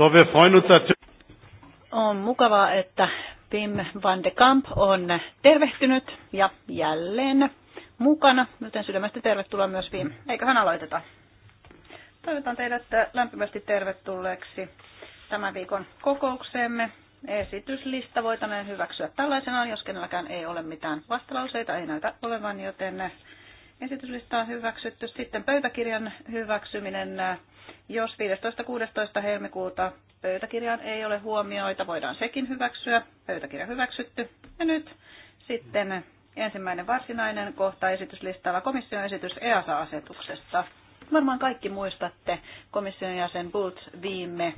So, wir freuen uns On mukavaa, että Pim van de Kamp on tervehtynyt ja jälleen mukana, joten sydämestä tervetuloa myös Pim. Eiköhän aloiteta. Toivotan teidät lämpimästi tervetulleeksi tämän viikon kokoukseemme. Esityslista voitaneen hyväksyä tällaisenaan, jos kenelläkään ei ole mitään vastalauseita, ei näytä olevan, joten Esityslista on hyväksytty. Sitten pöytäkirjan hyväksyminen. Jos 15.16. helmikuuta pöytäkirjaan ei ole huomioita, voidaan sekin hyväksyä. Pöytäkirja hyväksytty. Ja nyt sitten ensimmäinen varsinainen kohta esityslistalla komission esitys EASA-asetuksesta. Varmaan kaikki muistatte komission jäsen Boots viime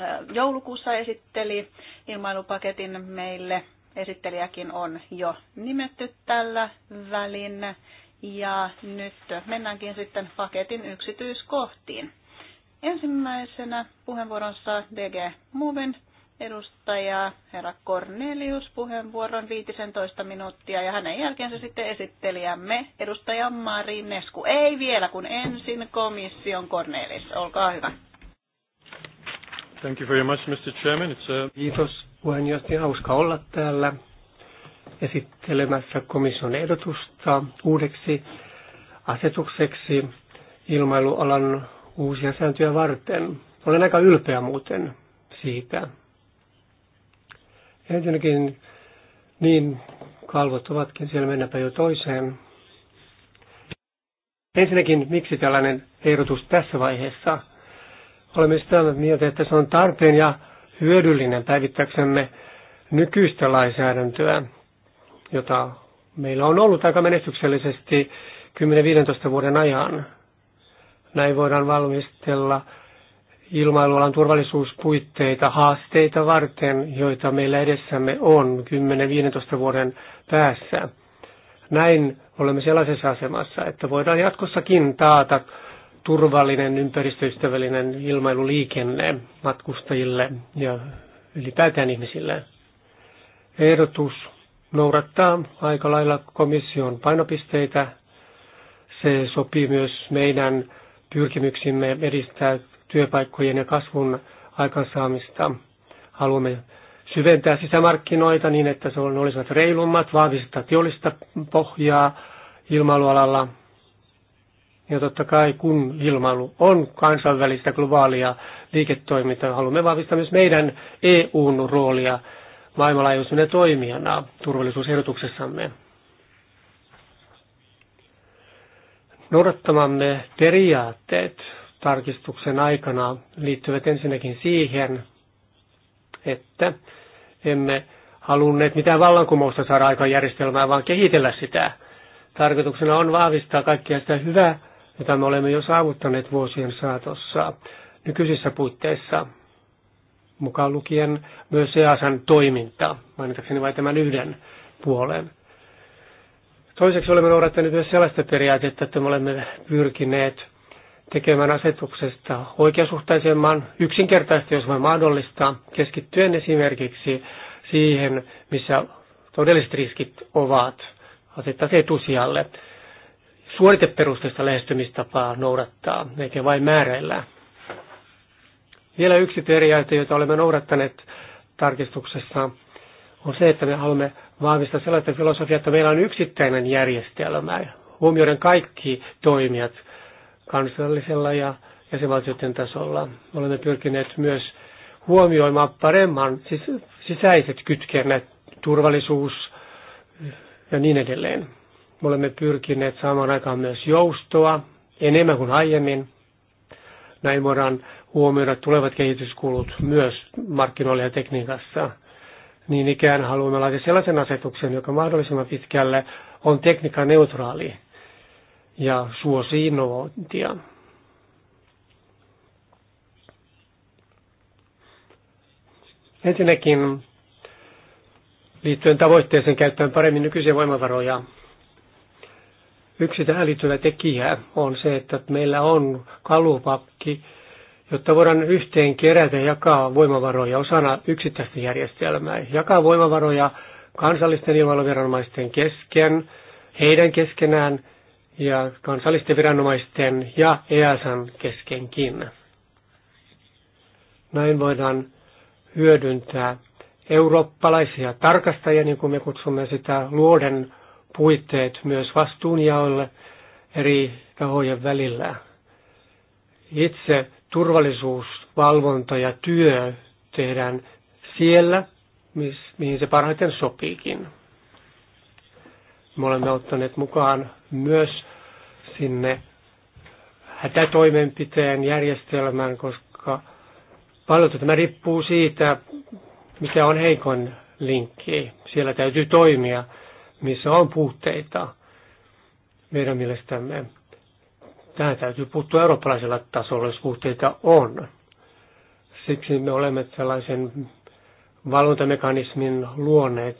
äh, joulukuussa esitteli ilmailupaketin meille esittelijäkin on jo nimetty tällä välin. Ja nyt mennäänkin sitten paketin yksityiskohtiin. Ensimmäisenä puheenvuoronsa DG Moven edustaja herra Cornelius puheenvuoron 15 minuuttia ja hänen jälkeensä sitten esittelijämme edustaja Mari Nesku. Ei vielä, kun ensin komission Cornelius. Olkaa hyvä. Thank you very much, Mr. Chairman. It's a... Kiitos puheenjohtaja. Hauska olla täällä esittelemässä komission ehdotusta uudeksi asetukseksi ilmailualan uusia sääntöjä varten. Olen aika ylpeä muuten siitä. Ensinnäkin niin kalvot ovatkin siellä mennäpä jo toiseen. Ensinnäkin, miksi tällainen ehdotus tässä vaiheessa? Olemme sitä mieltä, että se on tarpeen ja hyödyllinen päivittäksemme nykyistä lainsäädäntöä, jota meillä on ollut aika menestyksellisesti 10-15 vuoden ajan. Näin voidaan valmistella ilmailualan turvallisuuspuitteita haasteita varten, joita meillä edessämme on 10-15 vuoden päässä. Näin olemme sellaisessa asemassa, että voidaan jatkossakin taata turvallinen, ympäristöystävällinen ilmailuliikenne matkustajille ja ylipäätään ihmisille. Ehdotus noudattaa aika lailla komission painopisteitä. Se sopii myös meidän pyrkimyksimme edistää työpaikkojen ja kasvun aikaansaamista. Haluamme syventää sisämarkkinoita niin, että se olisivat reilummat, vahvistaa teollista pohjaa ilmailualalla ja totta kai kun ilmailu on kansainvälistä globaalia liiketoimintaa, haluamme vahvistaa myös meidän EUn roolia maailmanlaajuisena toimijana turvallisuusehdotuksessamme. Noudattamamme periaatteet tarkistuksen aikana liittyvät ensinnäkin siihen, että emme halunneet mitään vallankumousta saada aikaan järjestelmää, vaan kehitellä sitä. Tarkoituksena on vahvistaa kaikkia sitä hyvää jota me olemme jo saavuttaneet vuosien saatossa nykyisissä puitteissa, mukaan lukien myös EASan toiminta, mainitakseni vain tämän yhden puolen. Toiseksi olemme noudattaneet myös sellaista periaatetta, että me olemme pyrkineet tekemään asetuksesta oikeasuhtaisemman, yksinkertaisesti jos vain mahdollista, keskittyen esimerkiksi siihen, missä todelliset riskit ovat, asettaa se etusijalle suoriteperusteista lähestymistapaa noudattaa, eikä vain määräillä. Vielä yksi periaate, jota olemme noudattaneet tarkistuksessa, on se, että me haluamme vahvistaa sellaista filosofiaa, että meillä on yksittäinen järjestelmä, huomioiden kaikki toimijat kansallisella ja jäsenvaltioiden tasolla. Olemme pyrkineet myös huomioimaan paremman sisäiset kytkennät, turvallisuus ja niin edelleen. Me olemme pyrkineet saamaan aikaan myös joustoa enemmän kuin aiemmin. Näin voidaan huomioida tulevat kehityskulut myös markkinoilla ja tekniikassa. Niin ikään haluamme laittaa sellaisen asetuksen, joka mahdollisimman pitkälle on tekniikaneutraali ja suosii innovointia. Ensinnäkin liittyen tavoitteeseen käyttää paremmin nykyisiä voimavaroja Yksi tähän liittyvä tekijä on se, että meillä on kalupakki, jotta voidaan yhteen kerätä ja jakaa voimavaroja osana yksittäistä järjestelmää. Jakaa voimavaroja kansallisten ilmailuviranomaisten kesken, heidän keskenään ja kansallisten viranomaisten ja EASan keskenkin. Näin voidaan hyödyntää eurooppalaisia tarkastajia, niin kuin me kutsumme sitä, luoden puitteet myös vastuunjaolle eri tahojen välillä. Itse turvallisuus, valvonta ja työ tehdään siellä, mihin se parhaiten sopiikin. Me olemme ottaneet mukaan myös sinne hätätoimenpiteen järjestelmään, koska paljon tämä riippuu siitä, mikä on heikon linkki. Siellä täytyy toimia missä on puutteita meidän mielestämme. Tähän täytyy puuttua eurooppalaisella tasolla, jos puutteita on. Siksi me olemme sellaisen valvontamekanismin luoneet.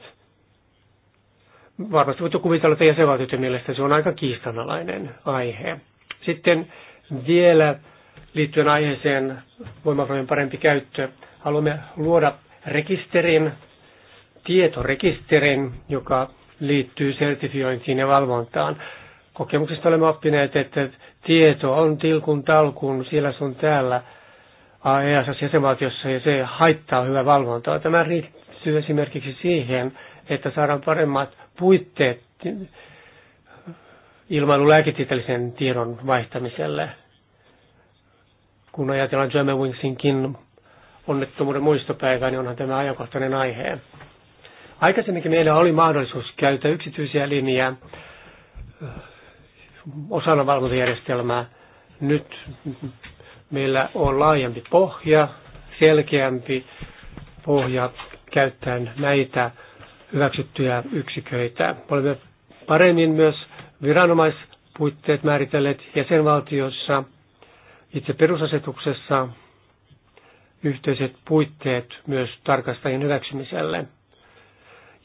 Varmasti voitte kuvitella, että jäsenvaltioiden mielestä se on aika kiistanalainen aihe. Sitten vielä liittyen aiheeseen voimavarojen parempi käyttö. Haluamme luoda rekisterin, tietorekisterin, joka liittyy sertifiointiin ja valvontaan. Kokemuksista olemme oppineet, että tieto on tilkun talkun siellä sun täällä EASassa e jäsenvaltiossa ja se haittaa hyvää valvontaa. Tämä riittyy esimerkiksi siihen, että saadaan paremmat puitteet ilmailulääketieteellisen tiedon vaihtamiselle. Kun ajatellaan Wingsinkin onnettomuuden muistopäivää, niin onhan tämä ajankohtainen aihe. Aikaisemminkin meillä oli mahdollisuus käyttää yksityisiä elimiä eh, osana valvontajärjestelmää. Nyt meillä on laajempi pohja, selkeämpi pohja käyttää näitä hyväksyttyjä yksiköitä. Olemme paremmin myös viranomaispuitteet määritelleet jäsenvaltiossa, itse perusasetuksessa yhteiset puitteet myös tarkastajien hyväksymiselle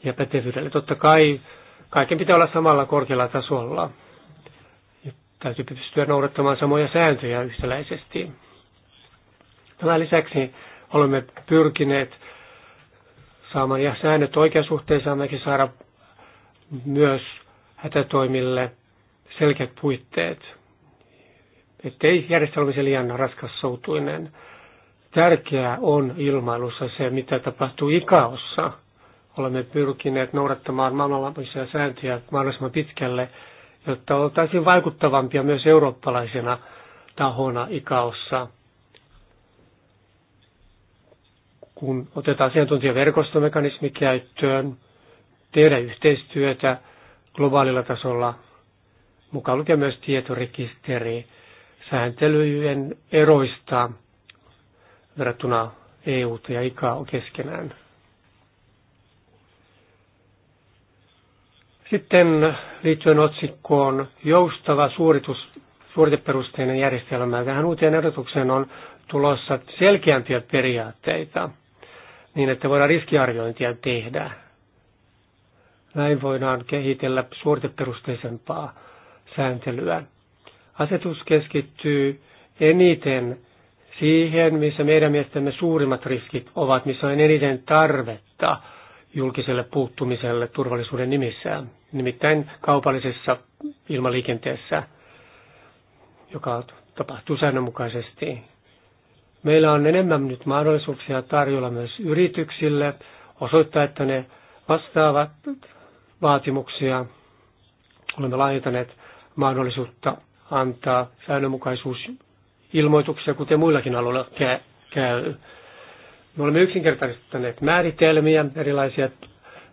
ja pätevyydellä. Totta kai kaiken pitää olla samalla korkealla tasolla. Ja täytyy pystyä noudattamaan samoja sääntöjä yhtäläisesti. Tämän lisäksi olemme pyrkineet saamaan ja säännöt oikeasuhteisemmekin saada myös hätätoimille selkeät puitteet, ettei järjestelmä olisi liian raskassoutuinen. Tärkeää on ilmailussa se, mitä tapahtuu ikaossa – Olemme pyrkineet noudattamaan maailmanlaajuisia sääntöjä mahdollisimman pitkälle, jotta oltaisiin vaikuttavampia myös eurooppalaisena tahona ikaossa. Kun otetaan asiantuntijaverkostomekanismi käyttöön, tehdä yhteistyötä globaalilla tasolla, mukaan lukee myös tietorekisteri, sääntelyjen eroista verrattuna EU- ja ICAO keskenään. Sitten liittyen otsikkoon joustava suoritus, suoriteperusteinen järjestelmä. Tähän uuteen ehdotukseen on tulossa selkeämpiä periaatteita niin, että voidaan riskiarviointia tehdä. Näin voidaan kehitellä suoriteperusteisempaa sääntelyä. Asetus keskittyy eniten siihen, missä meidän mielestämme suurimmat riskit ovat, missä on eniten tarvetta julkiselle puuttumiselle turvallisuuden nimissään nimittäin kaupallisessa ilmaliikenteessä, joka tapahtuu säännönmukaisesti. Meillä on enemmän nyt mahdollisuuksia tarjolla myös yrityksille osoittaa, että ne vastaavat vaatimuksia. Olemme laajentaneet mahdollisuutta antaa säännönmukaisuusilmoituksia, kuten muillakin alueilla käy. Me olemme yksinkertaistaneet määritelmiä, erilaisia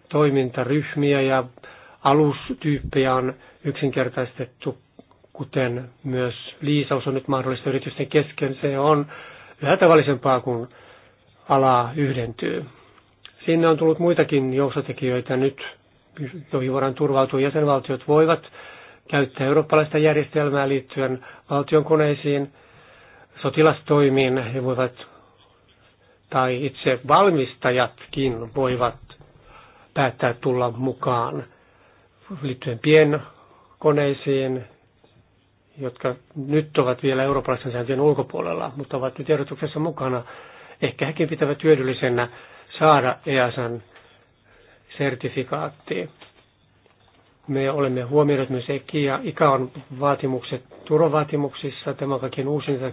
toimintaryhmiä ja alustyyppejä on yksinkertaistettu, kuten myös liisaus on nyt mahdollista yritysten kesken. Se on yhä tavallisempaa, kun ala yhdentyy. Sinne on tullut muitakin joustotekijöitä nyt, joihin voidaan turvautua. Jäsenvaltiot voivat käyttää eurooppalaista järjestelmää liittyen valtion koneisiin, sotilastoimiin. He voivat, tai itse valmistajatkin voivat päättää tulla mukaan liittyen pienkoneisiin, jotka nyt ovat vielä eurooppalaisen sääntöjen ulkopuolella, mutta ovat nyt ehdotuksessa mukana. Ehkä hekin pitävät hyödyllisenä saada EASan sertifikaatti. Me olemme huomioineet myös EKIA, ICAon vaatimukset turvavaatimuksissa. Tämä on kaikkein uusinta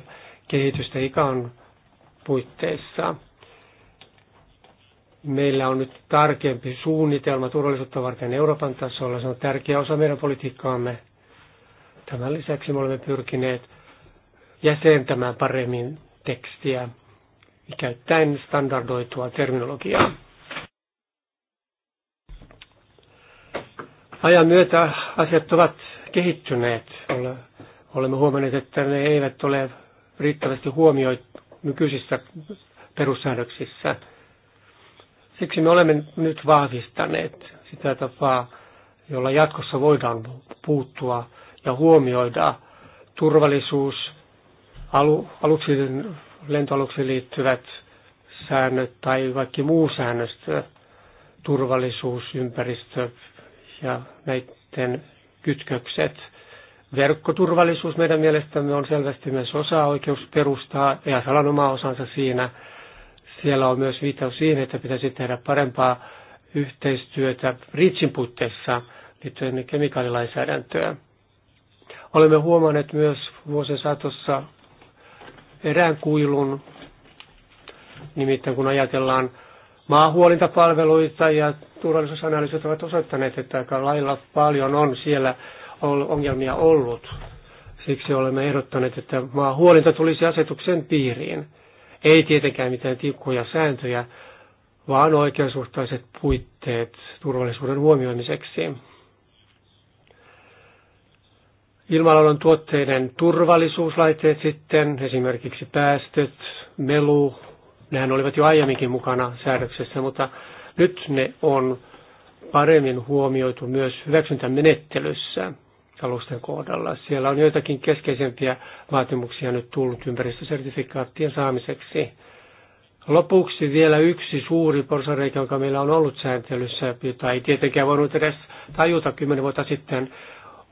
kehitystä ICAon puitteissa. Meillä on nyt tarkempi suunnitelma turvallisuutta varten Euroopan tasolla. Se on tärkeä osa meidän politiikkaamme. Tämän lisäksi me olemme pyrkineet jäsentämään paremmin tekstiä käyttäen standardoitua terminologiaa. Ajan myötä asiat ovat kehittyneet. Olemme huomanneet, että ne eivät ole riittävästi huomioit nykyisissä perussäädöksissä. Siksi me olemme nyt vahvistaneet sitä tapaa, jolla jatkossa voidaan puuttua ja huomioida turvallisuus, alu, aluksiin, lentoaluksiin liittyvät säännöt tai vaikka muu säännöstö, turvallisuus, ympäristö ja näiden kytkökset. Verkkoturvallisuus meidän mielestämme on selvästi myös osa oikeusperustaa ja salan oma osansa siinä – siellä on myös viittaus siihen, että pitäisi tehdä parempaa yhteistyötä Riitsin puitteissa liittyen kemikaalilainsäädäntöön. Olemme huomanneet myös vuosien saatossa erään kuilun, nimittäin kun ajatellaan maahuolintapalveluita ja turvallisuusanalyysit ovat osoittaneet, että aika lailla paljon on siellä ongelmia ollut. Siksi olemme ehdottaneet, että maahuolinta tulisi asetuksen piiriin. Ei tietenkään mitään tiukkoja sääntöjä, vaan oikeasuhtaiset puitteet turvallisuuden huomioimiseksi. Ilmailun tuotteiden turvallisuuslaitteet sitten, esimerkiksi päästöt, melu, nehän olivat jo aiemminkin mukana säädöksessä, mutta nyt ne on paremmin huomioitu myös hyväksyntämenettelyssä. menettelyssä alusten kohdalla. Siellä on joitakin keskeisempiä vaatimuksia nyt tullut ympäristösertifikaattien saamiseksi. Lopuksi vielä yksi suuri porsareikä, joka meillä on ollut sääntelyssä, jota ei tietenkään voinut edes tajuta kymmenen vuotta sitten,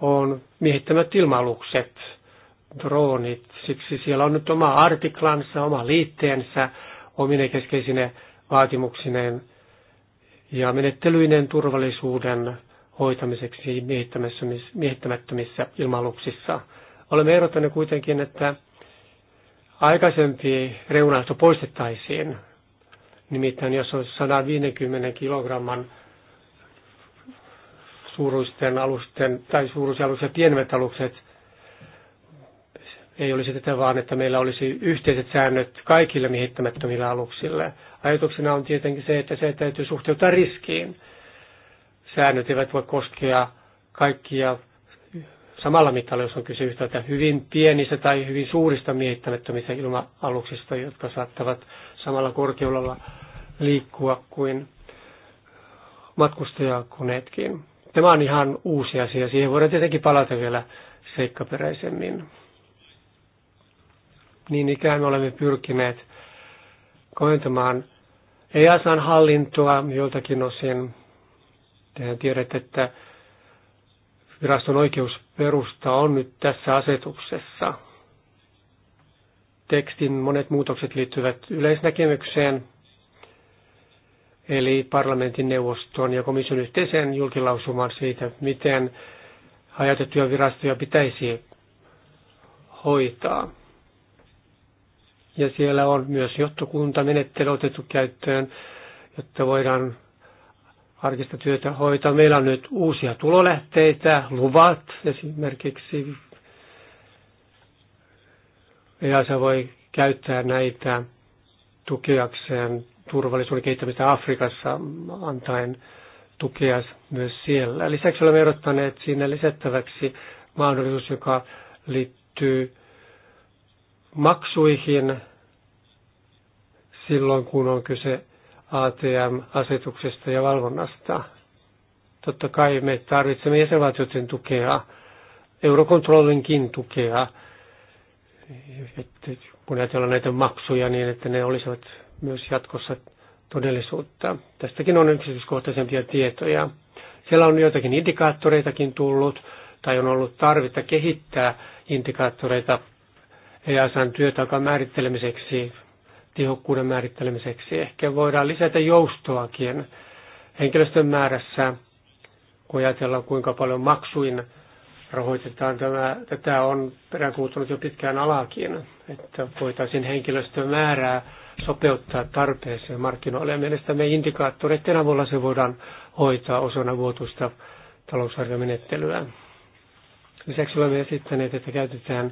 on miehittämät ilmalukset, droonit. Siksi siellä on nyt oma artiklansa, oma liitteensä, omine keskeisine vaatimuksineen ja menettelyinen turvallisuuden hoitamiseksi miehittämättömissä ilmaluksissa. Olemme ehdottaneet kuitenkin, että aikaisempi reunaisto poistettaisiin. Nimittäin jos on 150 kilogramman suuruisten alusten tai suuruisia alusten pienemmät alukset, ei olisi tätä vaan, että meillä olisi yhteiset säännöt kaikille miehittämättömille aluksille. Ajatuksena on tietenkin se, että se täytyy suhteuttaa riskiin säännöt eivät voi koskea kaikkia samalla mitalla, jos on kyse että hyvin pienistä tai hyvin suurista miehittämättömistä ilma-aluksista, jotka saattavat samalla korkeudella liikkua kuin matkustajakoneetkin. Tämä on ihan uusi asia. Siihen voidaan tietenkin palata vielä seikkaperäisemmin. Niin ikään me olemme pyrkineet koentamaan EASan hallintoa joiltakin osin Tehän tiedät, että viraston oikeusperusta on nyt tässä asetuksessa. Tekstin monet muutokset liittyvät yleisnäkemykseen, eli parlamentin neuvoston ja komission yhteiseen julkilausumaan siitä, miten hajautettuja virastoja pitäisi hoitaa. Ja siellä on myös johtokuntamenettely otettu käyttöön, jotta voidaan arkista työtä hoitaa. Meillä on nyt uusia tulolähteitä, luvat esimerkiksi. Ja e se voi käyttää näitä tukeakseen turvallisuuden kehittämistä Afrikassa antaen tukea myös siellä. Lisäksi olemme ehdottaneet sinne lisättäväksi mahdollisuus, joka liittyy maksuihin silloin, kun on kyse ATM-asetuksesta ja valvonnasta. Totta kai me tarvitsemme jäsenvaltioiden tukea, eurokontrollinkin tukea, että kun ajatellaan näitä maksuja niin, että ne olisivat myös jatkossa todellisuutta. Tästäkin on yksityiskohtaisempia tietoja. Siellä on joitakin indikaattoreitakin tullut, tai on ollut tarvetta kehittää indikaattoreita EASAn työtaakan määrittelemiseksi tehokkuuden määrittelemiseksi. Ehkä voidaan lisätä joustoakin henkilöstön määrässä, kun ajatellaan kuinka paljon maksuin rahoitetaan. Tämä, tätä on peräänkuuluttanut jo pitkään alakin, että voitaisiin henkilöstön määrää sopeuttaa tarpeeseen markkinoille. Ja mielestämme indikaattoreiden avulla se voidaan hoitaa osana vuotuista talousarviomenettelyä. Lisäksi olemme esittäneet, että käytetään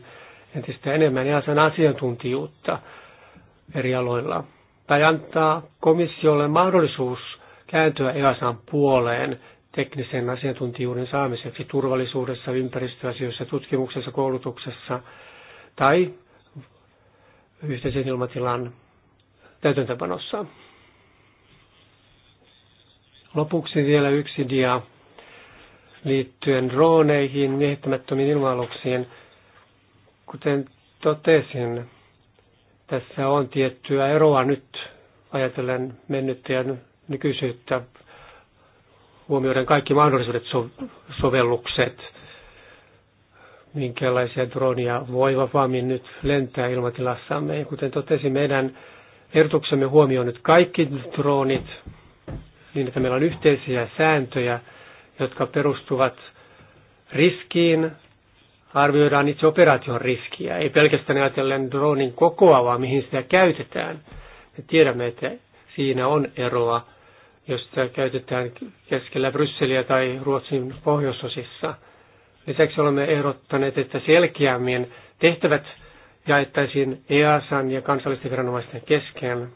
entistä enemmän EASAn asiantuntijuutta eri aloilla. Tai antaa komissiolle mahdollisuus kääntyä EASAan puoleen teknisen asiantuntijuuden saamiseksi turvallisuudessa, ympäristöasioissa, tutkimuksessa, koulutuksessa tai yhteisen ilmatilan täytäntöpanossa. Lopuksi vielä yksi dia liittyen drooneihin, miehittämättömiin ilma-aluksiin. Kuten totesin, tässä on tiettyä eroa nyt ajatellen mennyttä ja nykyisyyttä huomioiden kaikki mahdollisuudet so- sovellukset, minkälaisia dronia voi vapaammin nyt lentää ilmatilassamme. Ja kuten totesin, meidän ehdotuksemme huomioi nyt kaikki droonit niin, että meillä on yhteisiä sääntöjä, jotka perustuvat riskiin, arvioidaan itse operaation riskiä, ei pelkästään ajatellen dronin kokoa, vaan mihin sitä käytetään. Me tiedämme, että siinä on eroa, jos sitä käytetään keskellä Brysseliä tai Ruotsin pohjoisosissa. Lisäksi olemme ehdottaneet, että selkeämmin tehtävät jaettaisiin EASan ja kansallisten viranomaisten kesken.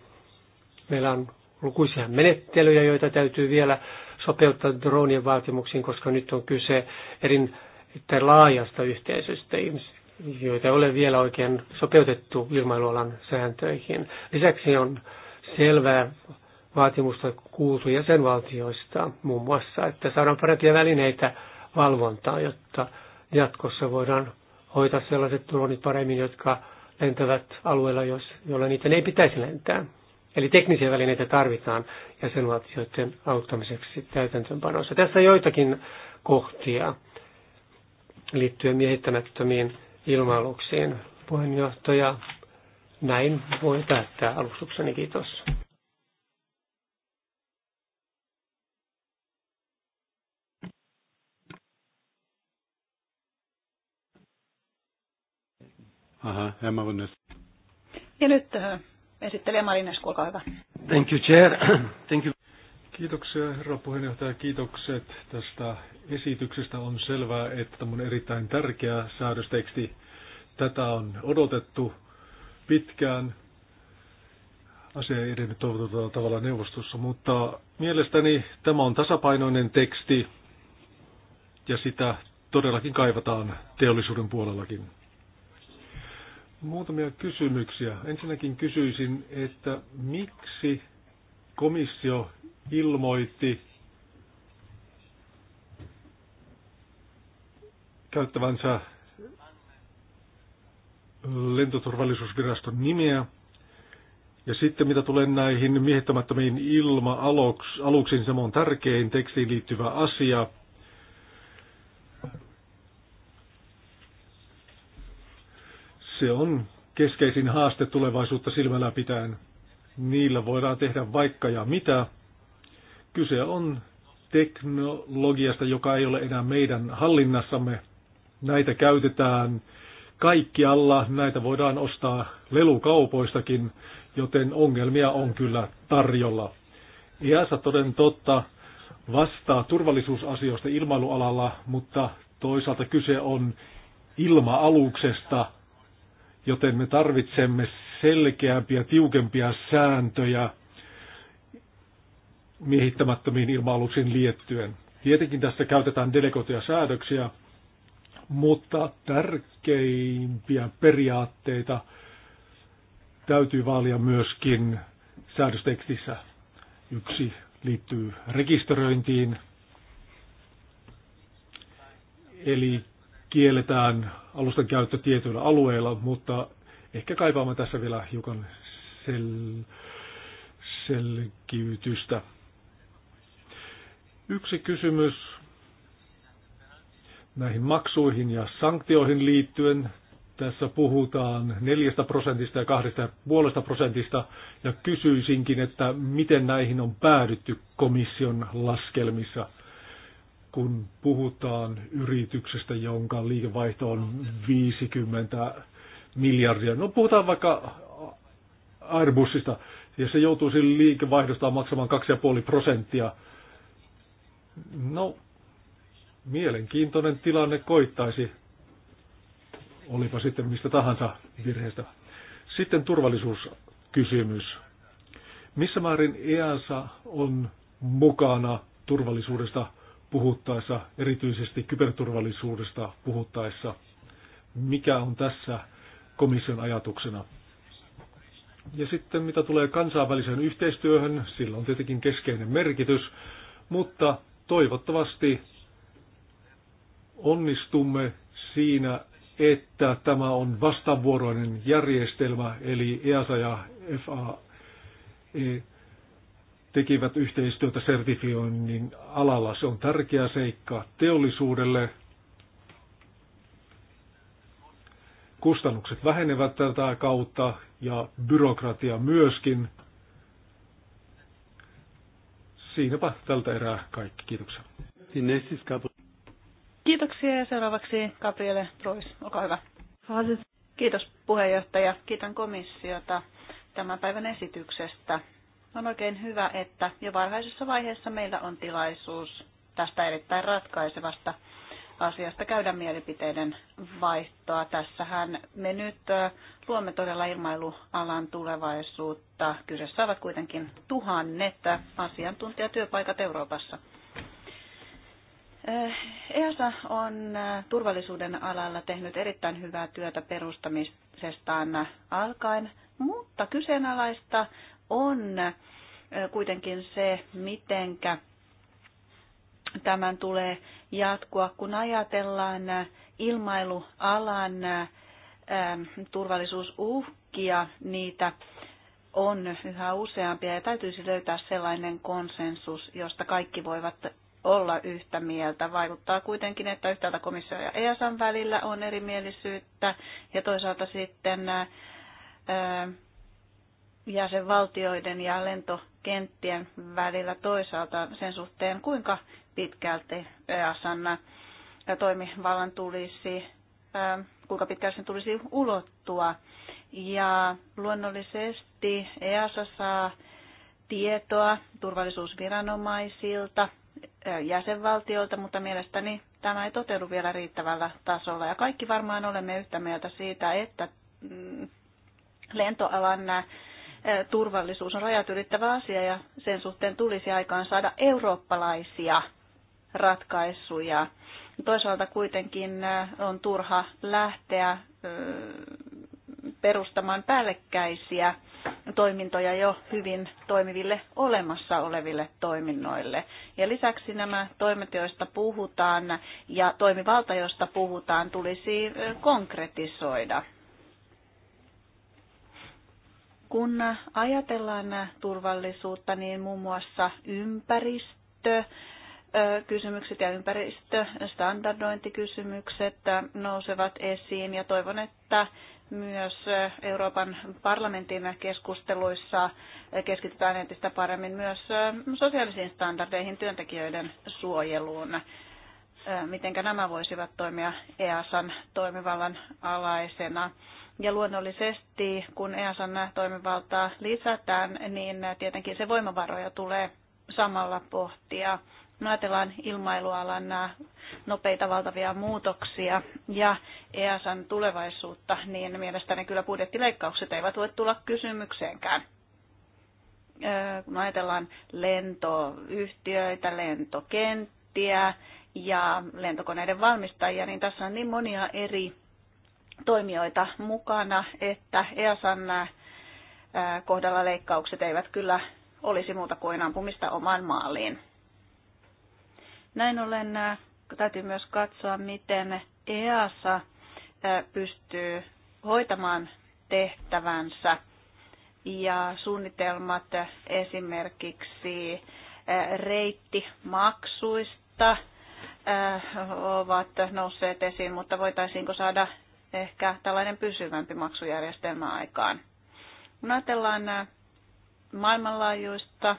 Meillä on lukuisia menettelyjä, joita täytyy vielä sopeuttaa dronien vaatimuksiin, koska nyt on kyse erin että laajasta yhteisöstä ihmisiä, joita ei ole vielä oikein sopeutettu ilmailualan sääntöihin. Lisäksi on selvää vaatimusta kuultu jäsenvaltioista muun muassa, että saadaan parempia välineitä valvontaa, jotta jatkossa voidaan hoitaa sellaiset tulonit paremmin, jotka lentävät alueella, jos, jolla niitä ei pitäisi lentää. Eli teknisiä välineitä tarvitaan jäsenvaltioiden auttamiseksi täytäntöönpanossa. Tässä joitakin kohtia liittyen miehittämättömiin ilmailuksiin. Puheenjohtaja, näin voi päättää alustukseni. Kiitos. Aha, Ja nyt äh, esittelijä Marines, olkaa hyvä. Thank you, Chair. Thank you. Kiitoksia herra puheenjohtaja, kiitokset tästä esityksestä. On selvää, että tämä on erittäin tärkeä säädösteksti. Tätä on odotettu pitkään. Asia ei edennyt toivotulla tavalla neuvostossa, mutta mielestäni tämä on tasapainoinen teksti ja sitä todellakin kaivataan teollisuuden puolellakin. Muutamia kysymyksiä. Ensinnäkin kysyisin, että miksi komissio ilmoitti käyttävänsä lentoturvallisuusviraston nimeä. Ja sitten mitä tulee näihin miehittämättömiin ilma-aluksiin, se on tärkein tekstiin liittyvä asia. Se on keskeisin haaste tulevaisuutta silmällä pitäen. Niillä voidaan tehdä vaikka ja mitä. Kyse on teknologiasta, joka ei ole enää meidän hallinnassamme. Näitä käytetään kaikkialla, näitä voidaan ostaa lelukaupoistakin, joten ongelmia on kyllä tarjolla. EASA toden totta vastaa turvallisuusasioista ilmailualalla, mutta toisaalta kyse on ilma-aluksesta, joten me tarvitsemme selkeämpiä, tiukempia sääntöjä miehittämättömiin ilma-aluksiin liettyen. Tietenkin tässä käytetään delegoituja säädöksiä, mutta tärkeimpiä periaatteita täytyy vaalia myöskin säädöstekstissä. Yksi liittyy rekisteröintiin, eli kielletään alustan käyttö tietyillä alueilla, mutta Ehkä kaipaamaan tässä vielä hiukan sel- selkiytystä. Yksi kysymys näihin maksuihin ja sanktioihin liittyen. Tässä puhutaan 4 prosentista ja 2,5 prosentista ja kysyisinkin, että miten näihin on päädytty komission laskelmissa, kun puhutaan yrityksestä, jonka liikevaihto on 50 miljardia. No puhutaan vaikka Airbusista, ja se joutuisi liikevaihdosta maksamaan 2,5 prosenttia. No, mielenkiintoinen tilanne koittaisi, olipa sitten mistä tahansa virheestä. Sitten turvallisuuskysymys. Missä määrin EASA on mukana turvallisuudesta puhuttaessa, erityisesti kyberturvallisuudesta puhuttaessa? Mikä on tässä komission ajatuksena. Ja sitten mitä tulee kansainväliseen yhteistyöhön, sillä on tietenkin keskeinen merkitys, mutta toivottavasti onnistumme siinä, että tämä on vastavuoroinen järjestelmä, eli EASA ja FAE tekivät yhteistyötä sertifioinnin alalla. Se on tärkeä seikka teollisuudelle, Kustannukset vähenevät tätä kautta ja byrokratia myöskin. Siinäpä tältä erää kaikki. Kiitoksia. Kiitoksia ja seuraavaksi Gabriele Trois, olkaa hyvä. Kiitos puheenjohtaja. Kiitän komissiota tämän päivän esityksestä. On oikein hyvä, että jo varhaisessa vaiheessa meillä on tilaisuus tästä erittäin ratkaisevasta asiasta käydä mielipiteiden vaihtoa. Tässähän me nyt luomme todella ilmailualan tulevaisuutta. Kyseessä ovat kuitenkin tuhannet asiantuntijatyöpaikat Euroopassa. EASA on turvallisuuden alalla tehnyt erittäin hyvää työtä perustamisestaan alkaen, mutta kyseenalaista on kuitenkin se, mitenkä tämän tulee jatkua, kun ajatellaan ilmailualan ähm, turvallisuusuhkia, niitä on yhä useampia ja täytyisi löytää sellainen konsensus, josta kaikki voivat olla yhtä mieltä. Vaikuttaa kuitenkin, että yhtäältä komissio ja EASan välillä on erimielisyyttä ja toisaalta sitten ähm, jäsenvaltioiden ja lentokenttien välillä toisaalta sen suhteen, kuinka pitkälti ja e toimivallan tulisi, kuinka pitkälti sen tulisi ulottua. Ja luonnollisesti EASA saa tietoa turvallisuusviranomaisilta, jäsenvaltioilta, mutta mielestäni tämä ei toteudu vielä riittävällä tasolla. Ja kaikki varmaan olemme yhtä mieltä siitä, että mm, lentoalan turvallisuus on rajat ylittävä asia ja sen suhteen tulisi aikaan saada eurooppalaisia ratkaisuja. Toisaalta kuitenkin on turha lähteä perustamaan päällekkäisiä toimintoja jo hyvin toimiville olemassa oleville toiminnoille. Ja lisäksi nämä toimet, joista puhutaan ja toimivalta, josta puhutaan, tulisi konkretisoida. Kun ajatellaan turvallisuutta, niin muun muassa ympäristö, kysymykset ja ympäristöstandardointikysymykset nousevat esiin ja toivon, että myös Euroopan parlamentin keskusteluissa keskitytään entistä paremmin myös sosiaalisiin standardeihin työntekijöiden suojeluun. Mitenkä nämä voisivat toimia EASan toimivallan alaisena? Ja luonnollisesti, kun EASan toimivaltaa lisätään, niin tietenkin se voimavaroja tulee samalla pohtia me ajatellaan ilmailualan nopeita valtavia muutoksia ja EASan tulevaisuutta, niin mielestäni kyllä budjettileikkaukset eivät voi tulla kysymykseenkään. Kun ajatellaan lentoyhtiöitä, lentokenttiä ja lentokoneiden valmistajia, niin tässä on niin monia eri toimijoita mukana, että EASan kohdalla leikkaukset eivät kyllä olisi muuta kuin ampumista omaan maaliin. Näin ollen täytyy myös katsoa, miten EASA pystyy hoitamaan tehtävänsä ja suunnitelmat esimerkiksi reittimaksuista ovat nousseet esiin, mutta voitaisiinko saada ehkä tällainen pysyvämpi maksujärjestelmä aikaan. Kun ajatellaan maailmanlaajuista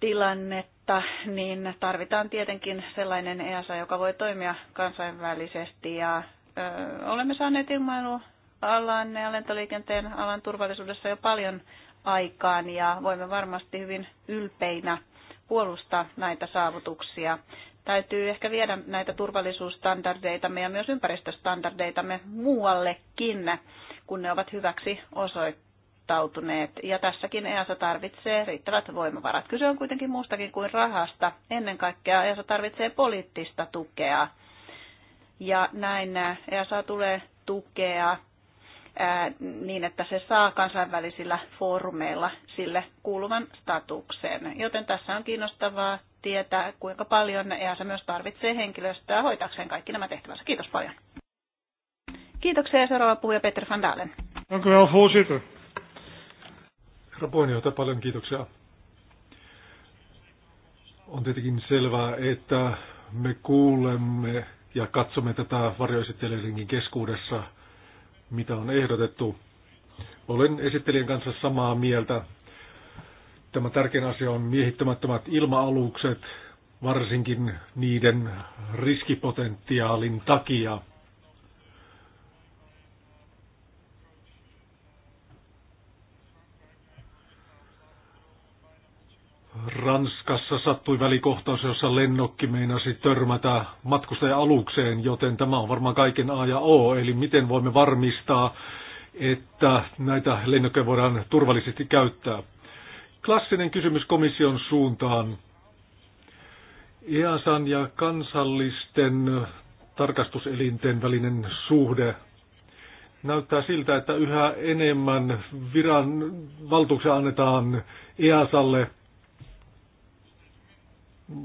tilannetta, jotta niin tarvitaan tietenkin sellainen EASA, joka voi toimia kansainvälisesti ja ö, olemme saaneet ilmailualan ja lentoliikenteen alan turvallisuudessa jo paljon aikaan ja voimme varmasti hyvin ylpeinä puolustaa näitä saavutuksia. Täytyy ehkä viedä näitä turvallisuusstandardeitamme ja myös ympäristöstandardeitamme muuallekin, kun ne ovat hyväksi osoittaneet kouluttautuneet Ja tässäkin EASA tarvitsee riittävät voimavarat. Kyse on kuitenkin muustakin kuin rahasta. Ennen kaikkea EASA tarvitsee poliittista tukea. Ja näin EASA tulee tukea niin, että se saa kansainvälisillä foorumeilla sille kuuluvan statuksen. Joten tässä on kiinnostavaa tietää, kuinka paljon EASA myös tarvitsee henkilöstöä hoitakseen kaikki nämä tehtävänsä. Kiitos paljon. Kiitoksia ja seuraava puhuja Peter van Dalen. Dank u wel, voorzitter. Herra puheenjohtaja, paljon kiitoksia. On tietenkin selvää, että me kuulemme ja katsomme tätä varjoesittelijöidenkin keskuudessa, mitä on ehdotettu. Olen esittelijän kanssa samaa mieltä. Tämä tärkein asia on miehittämättömät ilma-alukset, varsinkin niiden riskipotentiaalin takia – Ranskassa sattui välikohtaus, jossa lennokki meinasi törmätä matkustaja-alukseen, joten tämä on varmaan kaiken A ja O, eli miten voimme varmistaa, että näitä lennokkeja voidaan turvallisesti käyttää. Klassinen kysymys komission suuntaan. EASAN ja kansallisten tarkastuselinten välinen suhde näyttää siltä, että yhä enemmän viran valtuuksia annetaan EASalle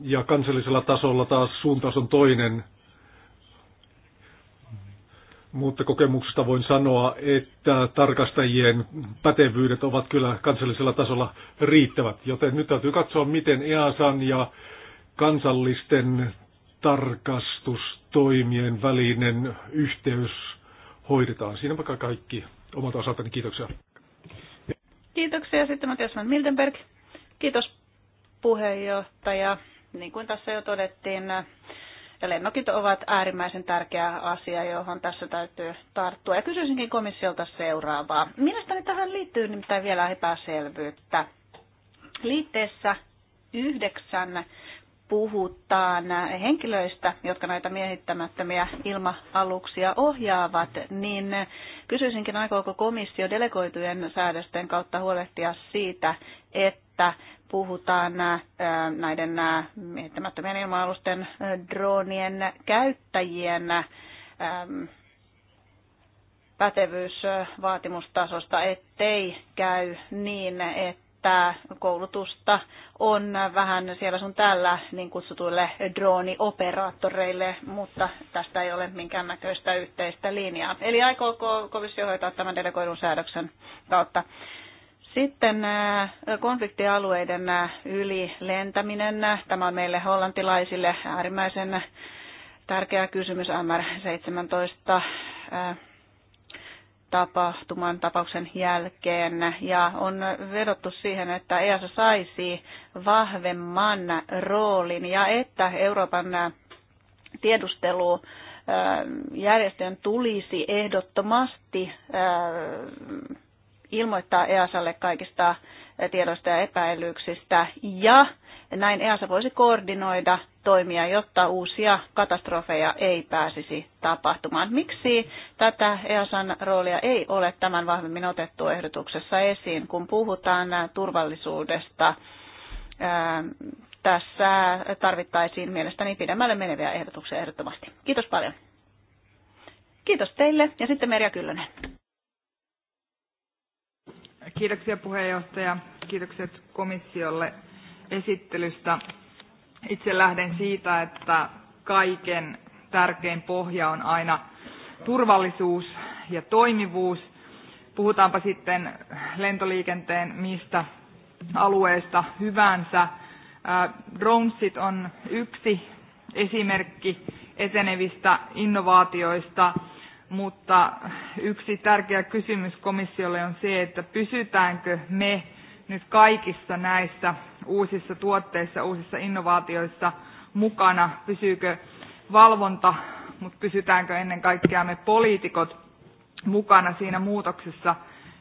ja kansallisella tasolla taas suuntaus on toinen. Mutta kokemuksesta voin sanoa, että tarkastajien pätevyydet ovat kyllä kansallisella tasolla riittävät. Joten nyt täytyy katsoa, miten EASAN ja kansallisten tarkastustoimien välinen yhteys hoidetaan. vaikka kaikki omalta osaltani. Kiitoksia. Kiitoksia. Sitten Matias Miltenberg. Kiitos puheenjohtaja niin kuin tässä jo todettiin, lennokit ovat äärimmäisen tärkeä asia, johon tässä täytyy tarttua. Ja kysyisinkin komissiolta seuraavaa. Mielestäni tähän liittyy nimittäin vielä epäselvyyttä. Liitteessä yhdeksän puhutaan henkilöistä, jotka näitä miehittämättömiä ilma-aluksia ohjaavat, niin kysyisinkin aikooko komissio delegoitujen säädösten kautta huolehtia siitä, että puhutaan äh, näiden äh, miehittämättömien ilma-alusten äh, dronien käyttäjien pätevyysvaatimustasosta, ettei käy niin, että koulutusta on vähän siellä sun tällä niin kutsutuille droonioperaattoreille, mutta tästä ei ole minkäännäköistä yhteistä linjaa. Eli aikooko komissio hoitaa tämän delegoidun säädöksen kautta sitten äh, konfliktialueiden äh, yli lentäminen. Tämä on meille hollantilaisille äärimmäisen tärkeä kysymys MR17 äh, tapahtuman tapauksen jälkeen ja on vedottu siihen, että EASA saisi vahvemman roolin ja että Euroopan tiedustelu järjestöjen tulisi ehdottomasti ilmoittaa EASalle kaikista eh, tiedoista ja epäilyksistä ja näin EASA voisi koordinoida toimia, jotta uusia katastrofeja ei pääsisi tapahtumaan. Miksi tätä EASAn roolia ei ole tämän vahvemmin otettu ehdotuksessa esiin, kun puhutaan eh, turvallisuudesta? Ehm, tässä tarvittaisiin mielestäni pidemmälle meneviä ehdotuksia ehdottomasti. Kiitos paljon. Kiitos teille ja sitten Merja Kyllönen. Kiitoksia puheenjohtaja. Kiitokset komissiolle esittelystä. Itse lähden siitä, että kaiken tärkein pohja on aina turvallisuus ja toimivuus. Puhutaanpa sitten lentoliikenteen mistä alueesta hyvänsä. Dronesit on yksi esimerkki etenevistä innovaatioista mutta yksi tärkeä kysymys komissiolle on se, että pysytäänkö me nyt kaikissa näissä uusissa tuotteissa, uusissa innovaatioissa mukana, pysyykö valvonta, mutta pysytäänkö ennen kaikkea me poliitikot mukana siinä muutoksessa,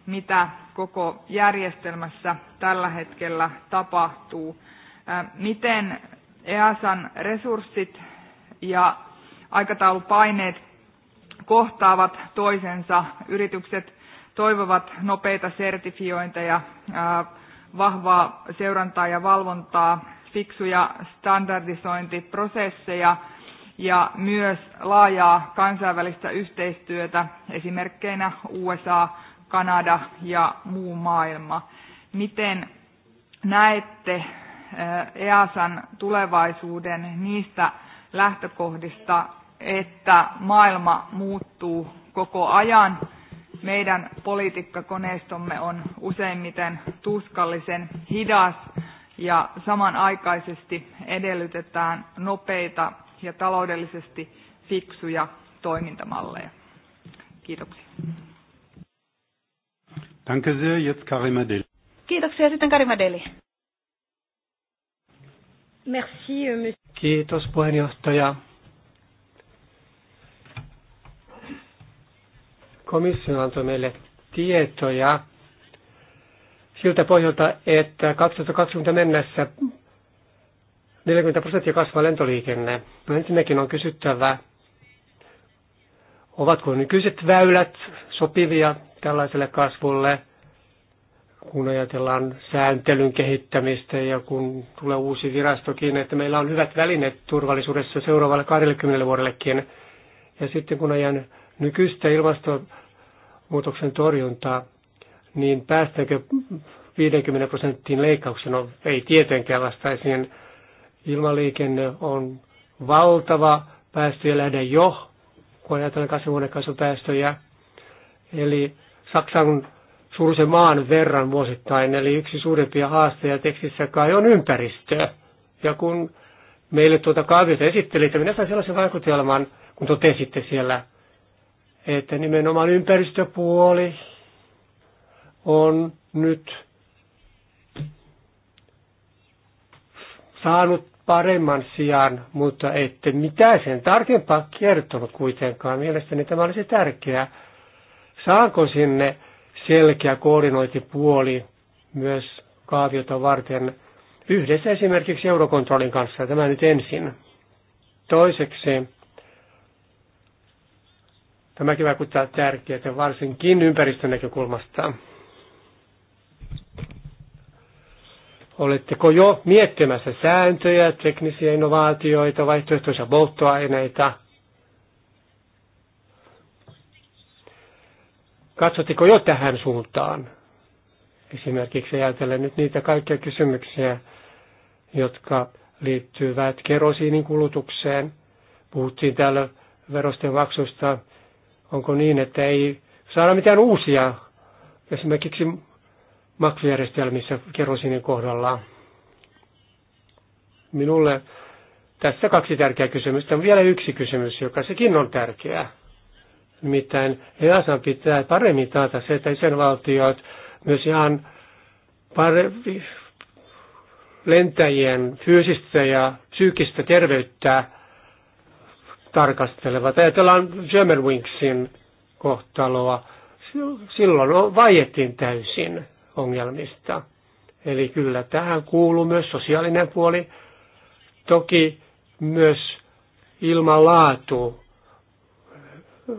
mitä koko järjestelmässä tällä hetkellä tapahtuu. Miten EASan resurssit ja aikataulupaineet kohtaavat toisensa. Yritykset toivovat nopeita sertifiointeja, vahvaa seurantaa ja valvontaa, fiksuja standardisointiprosesseja ja myös laajaa kansainvälistä yhteistyötä, esimerkkeinä USA, Kanada ja muu maailma. Miten näette EASan tulevaisuuden niistä lähtökohdista, että maailma muuttuu koko ajan. Meidän politiikkakoneistomme on useimmiten tuskallisen hidas ja samanaikaisesti edellytetään nopeita ja taloudellisesti fiksuja toimintamalleja. Kiitoksia. Danke sehr, jetzt Karima Kiitoksia, sitten Karima Deli. Merci, euh, Kiitos puheenjohtaja. Komissio antoi meille tietoja siltä pohjalta, että 2020 mennessä 40 prosenttia kasvaa lentoliikenne. No ensinnäkin on kysyttävä, ovatko nykyiset väylät sopivia tällaiselle kasvulle, kun ajatellaan sääntelyn kehittämistä ja kun tulee uusi virastokin, että meillä on hyvät välineet turvallisuudessa seuraavalle 20 vuodellekin. Ja sitten kun ajan nykyistä ilmastonmuutoksen torjuntaa, niin päästäänkö 50 prosenttiin leikkauksena? No, ei tietenkään vastaisiin. Ilmaliikenne on valtava päästöjä lähde jo, kun ajatellaan kasvihuonekaasupäästöjä. Eli Saksan suurisen maan verran vuosittain, eli yksi suurimpia haasteja tekstissä kai on ympäristö. Ja kun meille tuota kaaviota esitteli, että minä sain sellaisen vaikutelman, kun totesitte siellä, että nimenomaan ympäristöpuoli on nyt saanut paremman sijaan, mutta ette mitään sen tarkempaa kertonut kuitenkaan. Mielestäni tämä olisi tärkeää. Saanko sinne selkeä koordinointipuoli myös kaaviota varten yhdessä esimerkiksi eurokontrollin kanssa? Tämä nyt ensin. Toiseksi Tämäkin vaikuttaa tärkeältä, varsinkin ympäristön näkökulmasta. Oletteko jo miettimässä sääntöjä, teknisiä innovaatioita, vaihtoehtoisia polttoaineita? Katsotteko jo tähän suuntaan? Esimerkiksi ajatellen nyt niitä kaikkia kysymyksiä, jotka liittyvät kerosiinin kulutukseen. Puhuttiin täällä verosten maksusta Onko niin, että ei saada mitään uusia esimerkiksi maksujärjestelmissä kerosiinin kohdalla? Minulle tässä kaksi tärkeää kysymystä. On vielä yksi kysymys, joka sekin on tärkeä. Nimittäin EASA pitää paremmin taata se, että valtiot myös ihan lentäjien fyysistä ja psyykkistä terveyttä tarkastelevat. Ajatellaan Wingsin kohtaloa. Silloin vaiettiin täysin ongelmista. Eli kyllä tähän kuuluu myös sosiaalinen puoli. Toki myös ilmanlaatu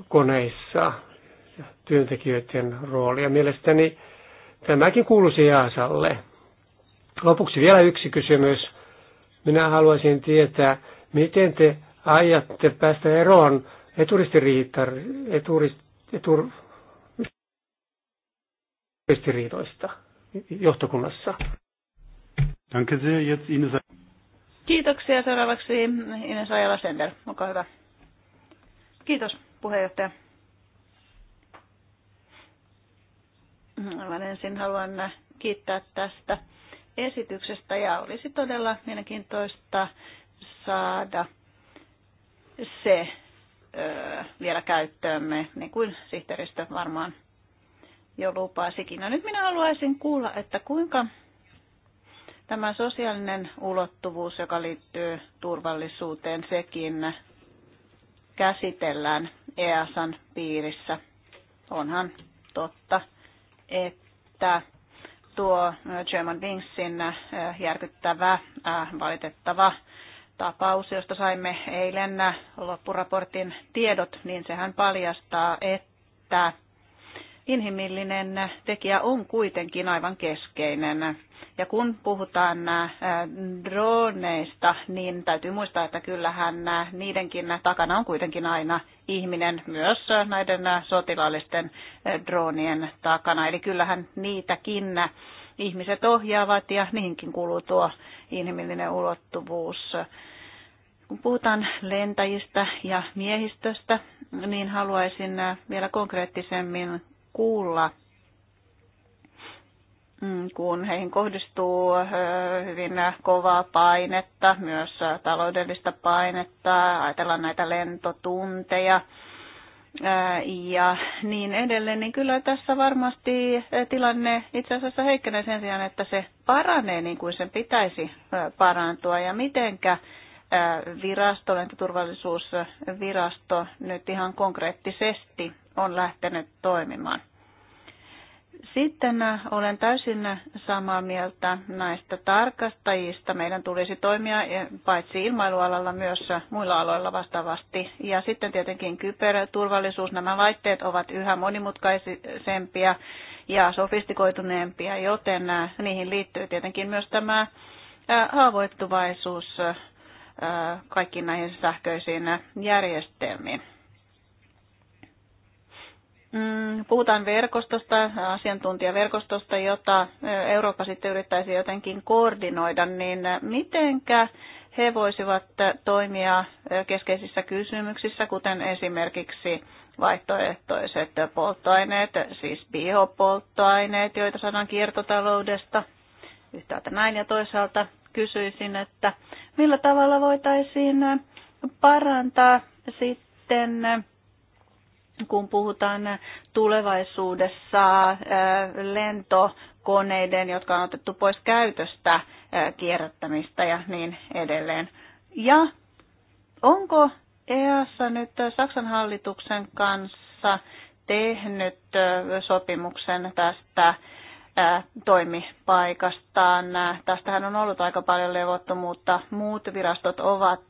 koneissa ja työntekijöiden rooli. Ja mielestäni tämäkin kuuluisi Jaasalle. Lopuksi vielä yksi kysymys. Minä haluaisin tietää, miten te aiotte päästä eroon eturistiriitoista johtokunnassa? Danke sehr, jetzt Ines. Kiitoksia. Seuraavaksi Ines Ajala-Sender. Olkaa hyvä. Kiitos, puheenjohtaja. Aivan ensin haluan kiittää tästä esityksestä ja olisi todella mielenkiintoista saada se vielä käyttöömme, niin kuin sihteeristö varmaan jo lupasikin. No nyt minä haluaisin kuulla, että kuinka tämä sosiaalinen ulottuvuus, joka liittyy turvallisuuteen, sekin käsitellään EASan piirissä. Onhan totta, että tuo German Wingsin järkyttävä, valitettava tapaus, josta saimme eilen loppuraportin tiedot, niin sehän paljastaa, että inhimillinen tekijä on kuitenkin aivan keskeinen. Ja kun puhutaan droneista, niin täytyy muistaa, että kyllähän niidenkin takana on kuitenkin aina ihminen myös näiden sotilaallisten droonien takana. Eli kyllähän niitäkin ihmiset ohjaavat ja niihinkin kuuluu tuo inhimillinen ulottuvuus. Kun puhutaan lentäjistä ja miehistöstä, niin haluaisin äh, vielä konkreettisemmin kuulla, mm, kun heihin kohdistuu äh, hyvin kovaa painetta, myös äh, taloudellista painetta, ajatellaan näitä lentotunteja ja niin edelleen, niin kyllä tässä varmasti tilanne itse asiassa heikkenee sen sijaan, että se paranee niin kuin sen pitäisi parantua ja mitenkä virasto, lentoturvallisuusvirasto nyt ihan konkreettisesti on lähtenyt toimimaan. Sitten äh, olen täysin samaa mieltä näistä tarkastajista. Meidän tulisi toimia e, paitsi ilmailualalla myös muilla aloilla vastaavasti. Ja sitten tietenkin kyberturvallisuus. Nämä laitteet ovat yhä monimutkaisempia ja sofistikoituneempia, joten äh, niihin liittyy tietenkin myös tämä äh, haavoittuvaisuus kaikkiin näihin sähköisiin järjestelmiin. Mm, puhutaan verkostosta, asiantuntijaverkostosta, jota Eurooppa sitten yrittäisi jotenkin koordinoida, niin mitenkä he voisivat toimia keskeisissä kysymyksissä, kuten esimerkiksi vaihtoehtoiset polttoaineet, siis biopolttoaineet, joita saadaan kiertotaloudesta, yhtäältä näin ja toisaalta kysyisin, että millä tavalla voitaisiin parantaa sitten kun puhutaan tulevaisuudessa lentokoneiden, jotka on otettu pois käytöstä, kierrättämistä ja niin edelleen. Ja onko EASA nyt Saksan hallituksen kanssa tehnyt sopimuksen tästä toimipaikastaan. Tästähän on ollut aika paljon levottomuutta. Muut virastot ovat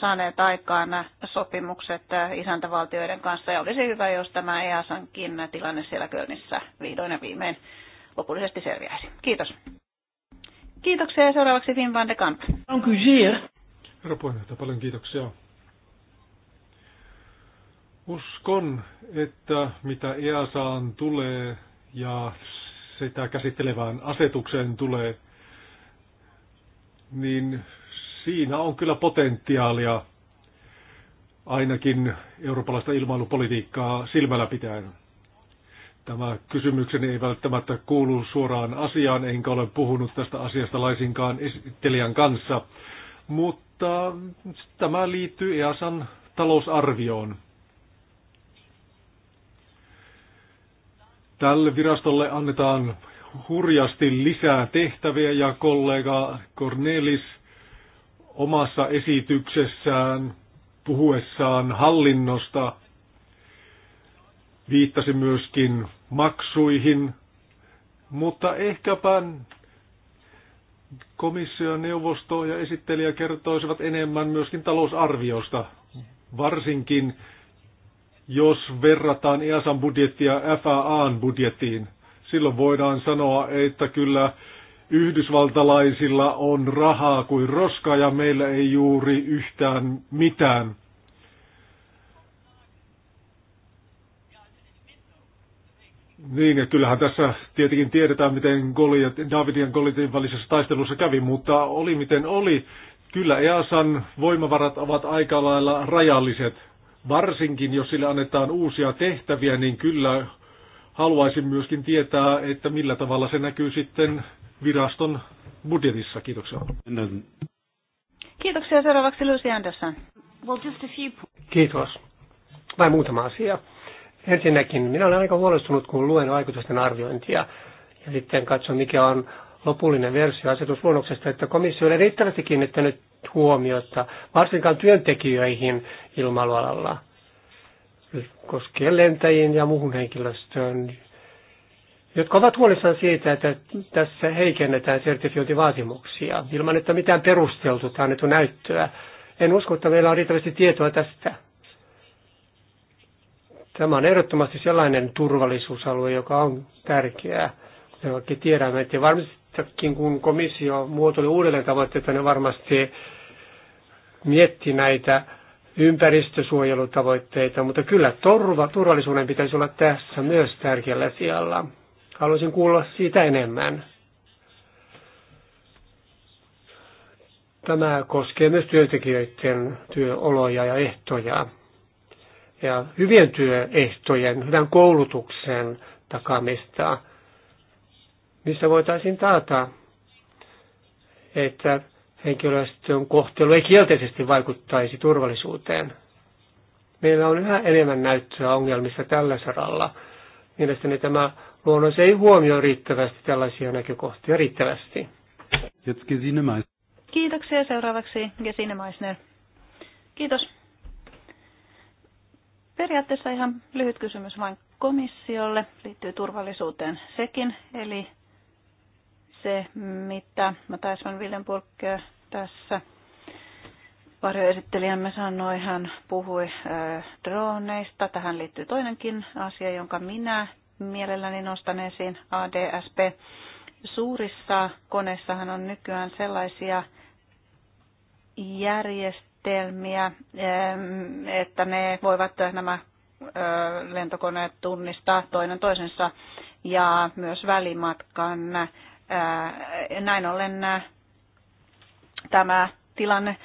saaneet aikaan sopimukset isäntävaltioiden kanssa ja olisi hyvä, jos tämä EASankin tilanne siellä Kölnissä vihdoin ja viimein lopullisesti selviäisi. Kiitos. Kiitoksia ja seuraavaksi Finn van de Kamp. On kysyä. Herra puheenjohtaja, paljon kiitoksia. Uskon, että mitä EASAan tulee ja sitä käsittelevään asetukseen tulee, niin siinä on kyllä potentiaalia ainakin eurooppalaista ilmailupolitiikkaa silmällä pitäen. Tämä kysymykseni ei välttämättä kuulu suoraan asiaan, enkä ole puhunut tästä asiasta laisinkaan esittelijän kanssa, mutta tämä liittyy EASan talousarvioon. Tälle virastolle annetaan hurjasti lisää tehtäviä ja kollega Cornelis omassa esityksessään puhuessaan hallinnosta viittasi myöskin maksuihin, mutta ehkäpä komission neuvosto ja esittelijä kertoisivat enemmän myöskin talousarviosta, varsinkin jos verrataan EASAn budjettia FAAn budjettiin, silloin voidaan sanoa, että kyllä yhdysvaltalaisilla on rahaa kuin roskaa ja meillä ei juuri yhtään mitään. Niin, ja kyllähän tässä tietenkin tiedetään, miten Goliat, Davidin ja Goliatin välisessä taistelussa kävi, mutta oli miten oli. Kyllä EASan voimavarat ovat aika lailla rajalliset. Varsinkin jos sille annetaan uusia tehtäviä, niin kyllä haluaisin myöskin tietää, että millä tavalla se näkyy sitten viraston budjetissa. Kiitoksia. Kiitoksia. Seuraavaksi Lucy Anderson. Well, just a few... Kiitos. Vain muutama asia. Ensinnäkin minä olen aika huolestunut, kun luen vaikutusten arviointia ja sitten katson, mikä on lopullinen versio asetusluonnoksesta, että komissio ei riittävästi kiinnittänyt huomiota, varsinkaan työntekijöihin ilmailualalla, koskien lentäjiin ja muuhun henkilöstöön, jotka ovat huolissaan siitä, että tässä heikennetään sertifiointivaatimuksia ilman, että mitään perusteltu tai annettu näyttöä. En usko, että meillä on riittävästi tietoa tästä. Tämä on ehdottomasti sellainen turvallisuusalue, joka on tärkeää. Kuten oikein tiedämme, että varmasti Jossakin kun komissio muotoili uudelleen tavoitteita, ne varmasti mietti näitä ympäristösuojelutavoitteita, mutta kyllä torva turvallisuuden pitäisi olla tässä myös tärkeällä sijalla. Haluaisin kuulla siitä enemmän. Tämä koskee myös työntekijöiden työoloja ja ehtoja. Ja hyvien työehtojen, hyvän koulutuksen takamista – missä voitaisiin taata, että henkilöstön kohtelu ei kielteisesti vaikuttaisi turvallisuuteen. Meillä on yhä enemmän näyttöä ongelmissa tällä saralla. Mielestäni tämä luonnos ei huomioi riittävästi tällaisia näkökohtia riittävästi. Kiitoksia. Seuraavaksi Gesine Meissner. Kiitos. Periaatteessa ihan lyhyt kysymys vain komissiolle, liittyy turvallisuuteen sekin. Eli se, mitä Matthias van Willenburg tässä varjoesittelijämme sanoi, hän puhui droneista. Tähän liittyy toinenkin asia, jonka minä mielelläni nostan esiin, ADSP. Suurissa koneissahan on nykyään sellaisia järjestelmiä, että ne voivat nämä lentokoneet tunnistaa toinen toisensa ja myös välimatkan näin ollen tämä tilanne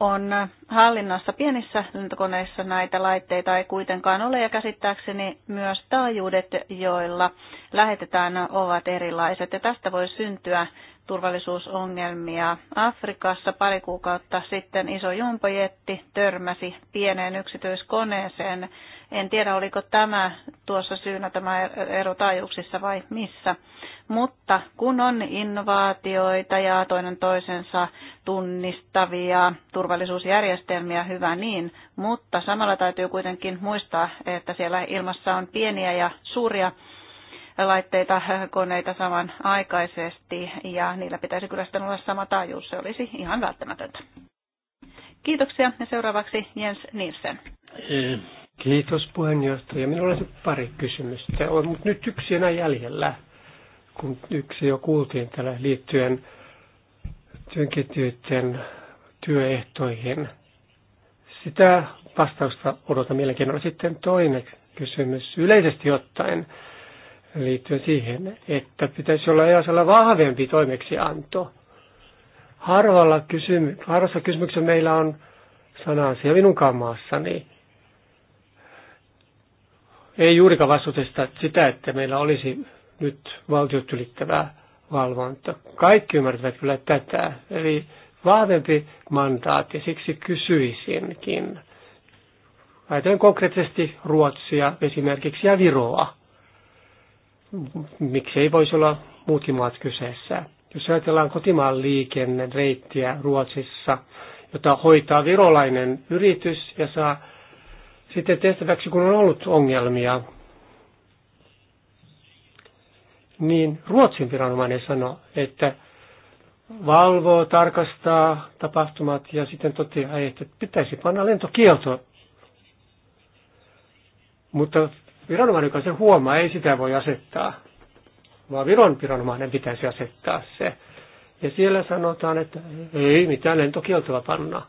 on hallinnassa pienissä lentokoneissa näitä laitteita ei kuitenkaan ole ja käsittääkseni myös taajuudet, joilla lähetetään, ovat erilaiset ja tästä voi syntyä turvallisuusongelmia. Afrikassa pari kuukautta sitten iso jumbojetti törmäsi pieneen yksityiskoneeseen en tiedä, oliko tämä tuossa syynä tämä ero taajuuksissa vai missä. Mutta kun on innovaatioita ja toinen toisensa tunnistavia turvallisuusjärjestelmiä, hyvä niin. Mutta samalla täytyy kuitenkin muistaa, että siellä ilmassa on pieniä ja suuria laitteita, koneita samanaikaisesti ja niillä pitäisi kyllä sitten olla sama taajuus. Se olisi ihan välttämätöntä. Kiitoksia ja seuraavaksi Jens Nielsen. Eh, Kiitos puheenjohtaja. Minulla on pari kysymystä. On mutta nyt yksi enää jäljellä, kun yksi jo kuultiin tällä liittyen työntekijöiden työehtoihin. Sitä vastausta odotan mielenkiinnolla. Sitten toinen kysymys yleisesti ottaen liittyen siihen, että pitäisi olla EASalla vahvempi toimeksianto. Harvalla kysymy- harvassa kysymyksessä meillä on sanansia minunkaan maassani ei juurikaan vastuutesta sitä, että meillä olisi nyt valtiot ylittävää valvonta. Kaikki ymmärtävät kyllä tätä. Eli vahvempi mandaatti, siksi kysyisinkin. Ajatellen konkreettisesti Ruotsia esimerkiksi ja Viroa. ei voisi olla muutkin maat kyseessä. Jos ajatellaan kotimaan reittiä Ruotsissa, jota hoitaa virolainen yritys ja saa sitten tehtäväksi, kun on ollut ongelmia, niin Ruotsin viranomainen sanoi, että valvoo, tarkastaa tapahtumat ja sitten toteaa, että pitäisi panna lentokielto. Mutta viranomainen, joka sen huomaa, ei sitä voi asettaa, vaan Viron viranomainen pitäisi asettaa se. Ja siellä sanotaan, että ei mitään lentokieltoa panna.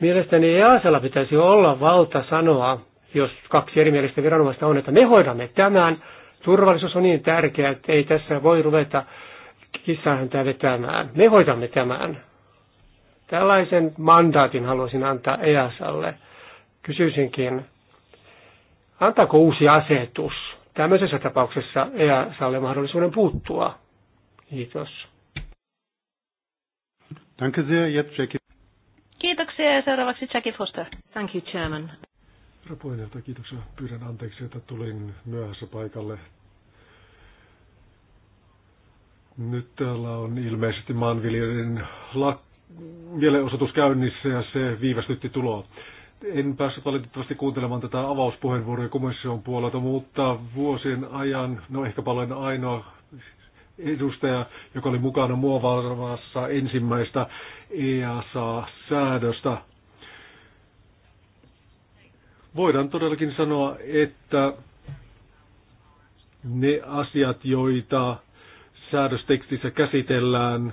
Mielestäni EASalla pitäisi olla valta sanoa, jos kaksi erimielistä viranomaista on, että me hoidamme tämän. Turvallisuus on niin tärkeää, että ei tässä voi ruveta kissahäntää vetämään. Me hoidamme tämän. Tällaisen mandaatin haluaisin antaa EASalle. Kysyisinkin, antaako uusi asetus tämmöisessä tapauksessa EASalle mahdollisuuden puuttua? Kiitos. Danke sehr, jetzt Kiitoksia ja seuraavaksi Jackie Foster. Thank you, Chairman. Herra kiitoksia. Pyydän anteeksi, että tulin myöhässä paikalle. Nyt täällä on ilmeisesti maanviljelijöiden lak- mielenosoitus käynnissä ja se viivästytti tuloa. En päässyt valitettavasti kuuntelemaan tätä avauspuheenvuoroa komission puolelta, mutta vuosien ajan, no ehkä paljon ainoa edustaja, joka oli mukana muovaamassa ensimmäistä EASA-säädöstä. Voidaan todellakin sanoa, että ne asiat, joita säädöstekstissä käsitellään,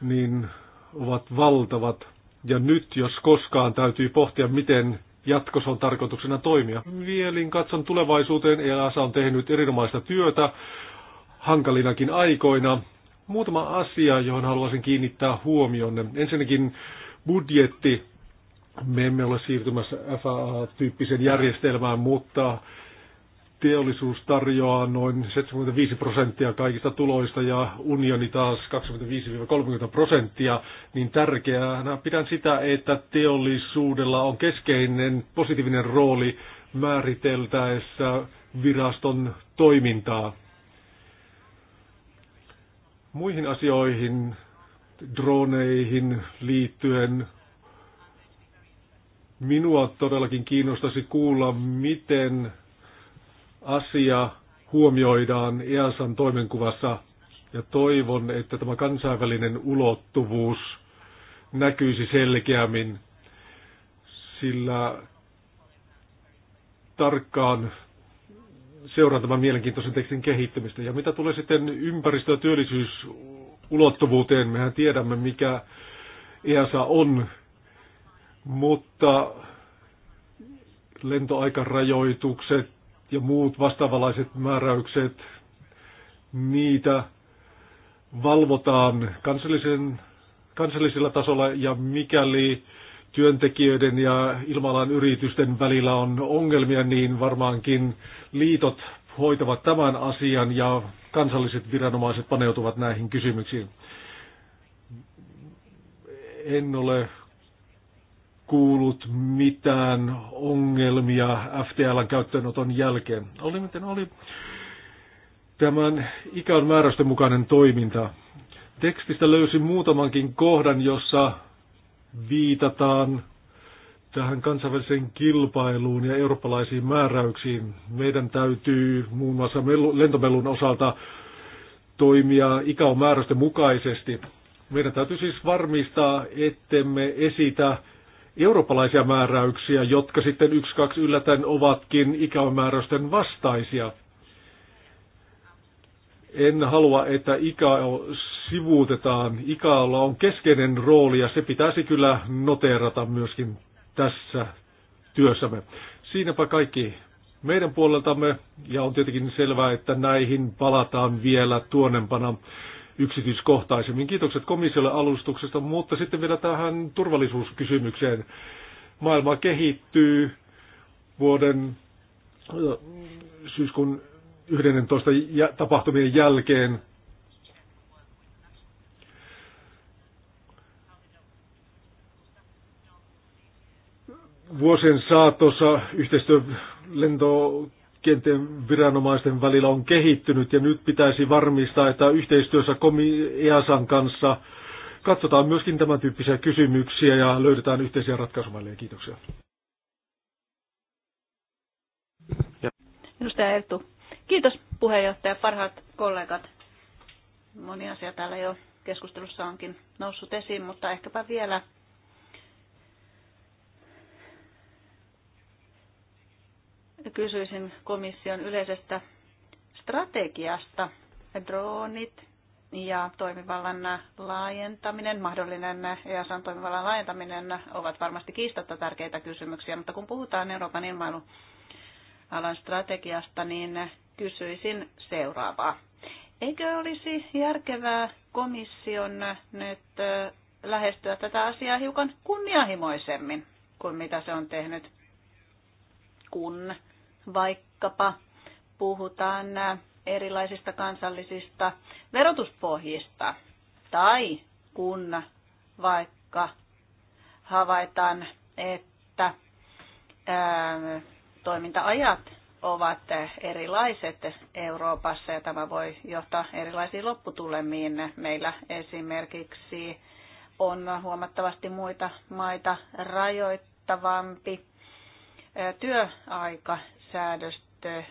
niin ovat valtavat. Ja nyt, jos koskaan, täytyy pohtia, miten jatkossa on tarkoituksena toimia. Vielin katson tulevaisuuteen. EASA on tehnyt erinomaista työtä hankalinakin aikoina. Muutama asia, johon haluaisin kiinnittää huomionne. Ensinnäkin budjetti. Me emme ole siirtymässä FAA-tyyppiseen järjestelmään, mutta teollisuus tarjoaa noin 75 prosenttia kaikista tuloista ja unioni taas 25-30 prosenttia, niin tärkeänä pidän sitä, että teollisuudella on keskeinen positiivinen rooli määriteltäessä viraston toimintaa muihin asioihin, droneihin liittyen, minua todellakin kiinnostaisi kuulla, miten asia huomioidaan EASan toimenkuvassa ja toivon, että tämä kansainvälinen ulottuvuus näkyisi selkeämmin, sillä tarkkaan seuraan tämän mielenkiintoisen tekstin kehittymistä. Ja mitä tulee sitten ympäristö- ja työllisyysulottuvuuteen, mehän tiedämme mikä EASA on, mutta lentoaikarajoitukset ja muut vastaavalaiset määräykset, niitä valvotaan kansallisen, kansallisella tasolla ja mikäli työntekijöiden ja ilmalan yritysten välillä on ongelmia, niin varmaankin liitot hoitavat tämän asian ja kansalliset viranomaiset paneutuvat näihin kysymyksiin. En ole kuullut mitään ongelmia FTLn käyttöönoton jälkeen. Oli miten oli tämän ikään määräysten mukainen toiminta. Tekstistä löysin muutamankin kohdan, jossa viitataan tähän kansainväliseen kilpailuun ja eurooppalaisiin määräyksiin. Meidän täytyy muun muassa lentomelun osalta toimia ikäon määräysten mukaisesti. Meidän täytyy siis varmistaa, ettemme esitä eurooppalaisia määräyksiä, jotka sitten yksi kaksi yllätän ovatkin määräysten vastaisia. En halua, että ikä sivuutetaan. Ikaalla on keskeinen rooli ja se pitäisi kyllä noteerata myöskin tässä työssämme. Siinäpä kaikki meidän puoleltamme ja on tietenkin selvää, että näihin palataan vielä tuonempana yksityiskohtaisemmin. Kiitokset komissiolle alustuksesta, mutta sitten vielä tähän turvallisuuskysymykseen. Maailma kehittyy vuoden syyskuun 11 tapahtumien jälkeen. Vuosien saatossa yhteistyö lentokenttien viranomaisten välillä on kehittynyt ja nyt pitäisi varmistaa, että yhteistyössä komi EASan kanssa katsotaan myöskin tämän tyyppisiä kysymyksiä ja löydetään yhteisiä ratkaisumalleja. Kiitoksia. Edustaja Erttu. Kiitos puheenjohtaja, parhaat kollegat. Moni asia täällä jo keskustelussa onkin noussut esiin, mutta ehkäpä vielä kysyisin komission yleisestä strategiasta. Droonit ja toimivallan laajentaminen, mahdollinen EASAn toimivallan laajentaminen ovat varmasti kiistatta tärkeitä kysymyksiä, mutta kun puhutaan Euroopan ilmailualan strategiasta, niin kysyisin seuraavaa. Eikö olisi järkevää komission nyt lähestyä tätä asiaa hiukan kunnianhimoisemmin kuin mitä se on tehnyt, kun vaikkapa puhutaan erilaisista kansallisista verotuspohjista tai kun vaikka havaitaan, että ää, toimintaajat ovat erilaiset Euroopassa ja tämä voi johtaa erilaisiin lopputulemiin. Meillä esimerkiksi on huomattavasti muita maita rajoittavampi työaikasäädöstö.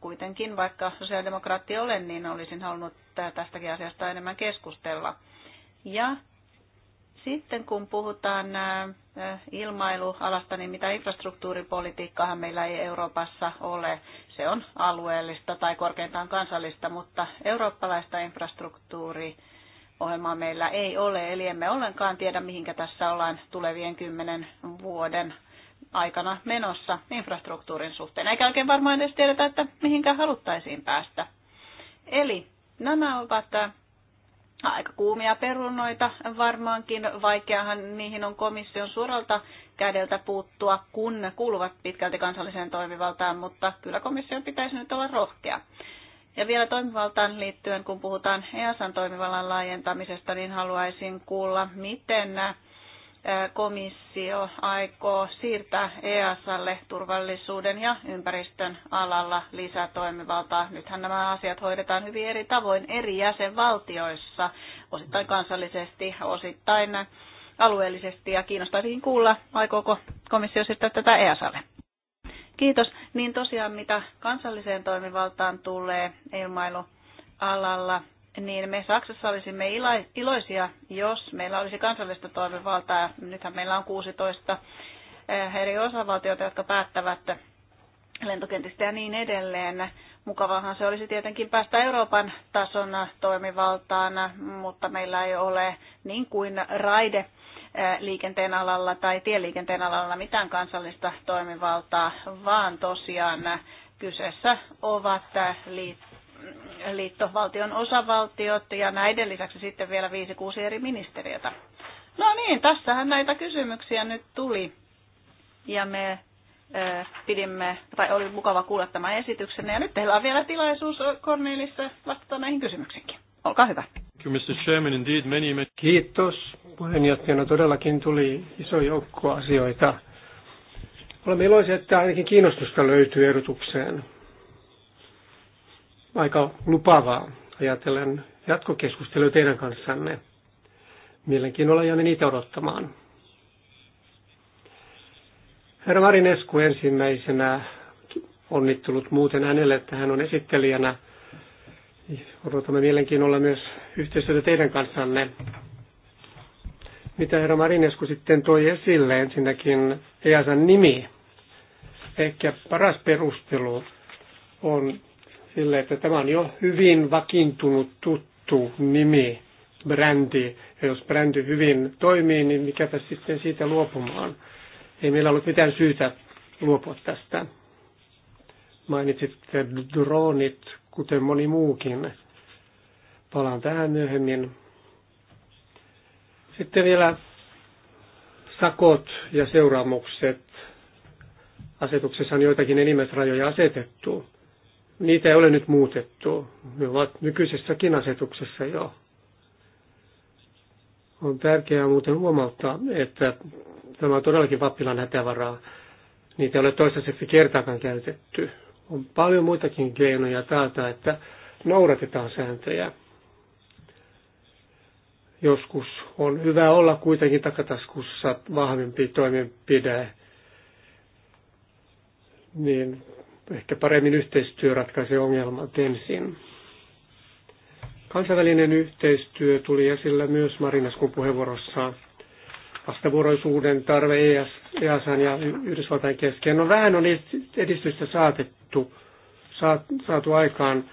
Kuitenkin vaikka sosiaalidemokraatti olen, niin olisin halunnut tästäkin asiasta enemmän keskustella. Ja sitten kun puhutaan ilmailualasta, niin mitä infrastruktuuripolitiikkaahan meillä ei Euroopassa ole. Se on alueellista tai korkeintaan kansallista, mutta eurooppalaista infrastruktuuriohjelmaa meillä ei ole. Eli emme ollenkaan tiedä, mihinkä tässä ollaan tulevien kymmenen vuoden aikana menossa infrastruktuurin suhteen. Eikä oikein varmaan edes tiedetä, että mihinkä haluttaisiin päästä. Eli nämä ovat aika kuumia perunoita varmaankin. Vaikeahan niihin on komission suoralta kädeltä puuttua, kun kuuluvat pitkälti kansalliseen toimivaltaan, mutta kyllä komission pitäisi nyt olla rohkea. Ja vielä toimivaltaan liittyen, kun puhutaan EASan toimivallan laajentamisesta, niin haluaisin kuulla, miten komissio aikoo siirtää EASalle turvallisuuden ja ympäristön alalla lisätoimivaltaa. Nythän nämä asiat hoidetaan hyvin eri tavoin eri jäsenvaltioissa, osittain kansallisesti, osittain alueellisesti ja kiinnostaviin kuulla, aikooko komissio siirtää tätä EASalle. Kiitos. Niin tosiaan, mitä kansalliseen toimivaltaan tulee ilmailualalla, niin me Saksassa olisimme iloisia, jos meillä olisi kansallista toimivaltaa. Nythän meillä on 16 eh, eri osavaltiota, jotka päättävät lentokentistä ja niin edelleen. Mukavahan se olisi tietenkin päästä Euroopan tason toimivaltaan, mutta meillä ei ole niin kuin raide eh, liikenteen alalla tai tieliikenteen alalla mitään kansallista toimivaltaa, vaan tosiaan kyseessä ovat eh, liittyvät liittovaltion osavaltiot ja näiden lisäksi sitten vielä viisi kuusi eri ministeriötä. No niin, tässähän näitä kysymyksiä nyt tuli. Ja me pidimme, tai oli mukava kuulla tämä esityksen. Ja nyt teillä on vielä tilaisuus Cornelissa vastata näihin kysymyksiinkin. Olkaa hyvä. Kiitos puheenjohtajana. Todellakin tuli iso joukko asioita. Olemme iloisia, että ainakin kiinnostusta löytyy erotukseen aika lupavaa. Ajatellen jatkokeskustelua teidän kanssanne. Mielenkiinnolla jäämme niitä odottamaan. Herra Marinesku ensimmäisenä onnittelut muuten hänelle, että hän on esittelijänä. Odotamme mielenkiinnolla myös yhteistyötä teidän kanssanne. Mitä herra Marinesku sitten toi esille? Ensinnäkin EASan nimi. Ehkä paras perustelu on sille, että tämä on jo hyvin vakiintunut tuttu nimi, brändi. Ja jos brändi hyvin toimii, niin mikäpä sitten siitä luopumaan. Ei meillä ollut mitään syytä luopua tästä. Mainitsit droonit, kuten moni muukin. Palaan tähän myöhemmin. Sitten vielä sakot ja seuraamukset. Asetuksessa on joitakin enimmäisrajoja asetettu. Niitä ei ole nyt muutettu. Ne ovat nykyisessäkin asetuksessa jo. On tärkeää muuten huomauttaa, että tämä on todellakin vappilan hätävaraa. Niitä ei ole toistaiseksi kertaakaan käytetty. On paljon muitakin keinoja täältä, että noudatetaan sääntöjä. Joskus on hyvä olla kuitenkin takataskussa vahvempi toimenpide, niin Ehkä paremmin yhteistyö ratkaisee ongelmat ensin. Kansainvälinen yhteistyö tuli esillä myös Marinaskun puheenvuorossa. Vastavuoroisuuden tarve EAS, EASan ja Yhdysvaltain kesken. No vähän on edistystä saatettu, saatu aikaan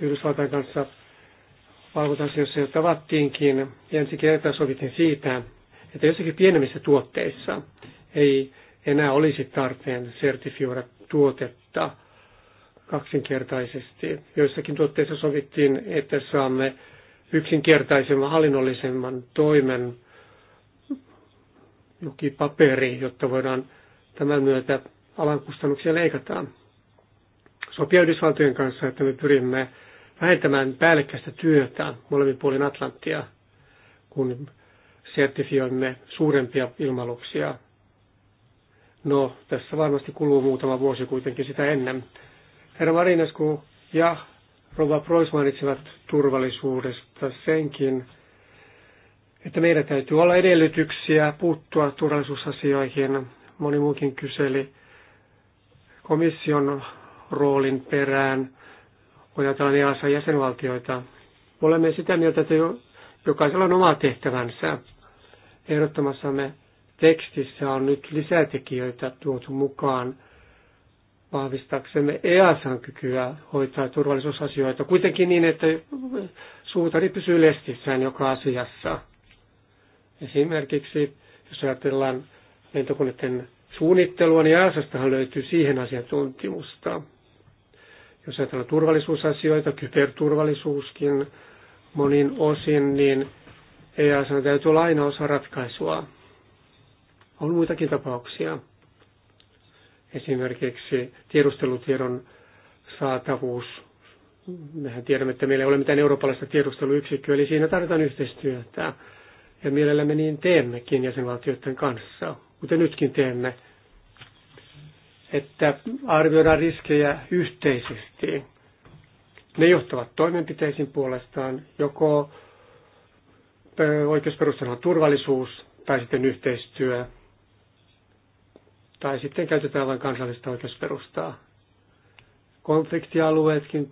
Yhdysvaltain kanssa valvontasioissa jo tavattiinkin. Ensi kertaa sovittiin siitä, että jossakin pienemmissä tuotteissa ei enää olisi tarpeen sertifioida tuotetta kaksinkertaisesti. Joissakin tuotteissa sovittiin, että saamme yksinkertaisemman hallinnollisemman toimen jokin paperi, jotta voidaan tämän myötä alan kustannuksia leikataan. Sopia Yhdysvaltojen kanssa, että me pyrimme vähentämään päällekkäistä työtä molemmin puolin Atlanttia, kun sertifioimme suurempia ilmaluksia No, tässä varmasti kuluu muutama vuosi kuitenkin sitä ennen. Herra Marinesku ja Rova Prois mainitsivat turvallisuudesta senkin, että meidän täytyy olla edellytyksiä puuttua turvallisuusasioihin. Moni muukin kyseli komission roolin perään, kun ajatellaan EASan jäsenvaltioita. Olemme sitä mieltä, että jokaisella on oma tehtävänsä. Ehdottamassamme tekstissä on nyt lisätekijöitä tuotu mukaan vahvistaksemme EASan kykyä hoitaa turvallisuusasioita, kuitenkin niin, että suutari pysyy lestissään joka asiassa. Esimerkiksi, jos ajatellaan lentokoneiden suunnittelua, niin EASastahan löytyy siihen asiantuntimusta. Jos ajatellaan turvallisuusasioita, kyberturvallisuuskin monin osin, niin EASan täytyy olla aina osa ratkaisua. On muitakin tapauksia. Esimerkiksi tiedustelutiedon saatavuus. Mehän tiedämme, että meillä ei ole mitään eurooppalaista tiedusteluyksikköä, eli siinä tarvitaan yhteistyötä. Ja mielellämme niin teemmekin jäsenvaltioiden kanssa, kuten nytkin teemme, että arvioidaan riskejä yhteisesti. Ne johtavat toimenpiteisiin puolestaan joko oikeusperustana turvallisuus tai sitten yhteistyö tai sitten käytetään vain kansallista oikeusperustaa. Konfliktialueetkin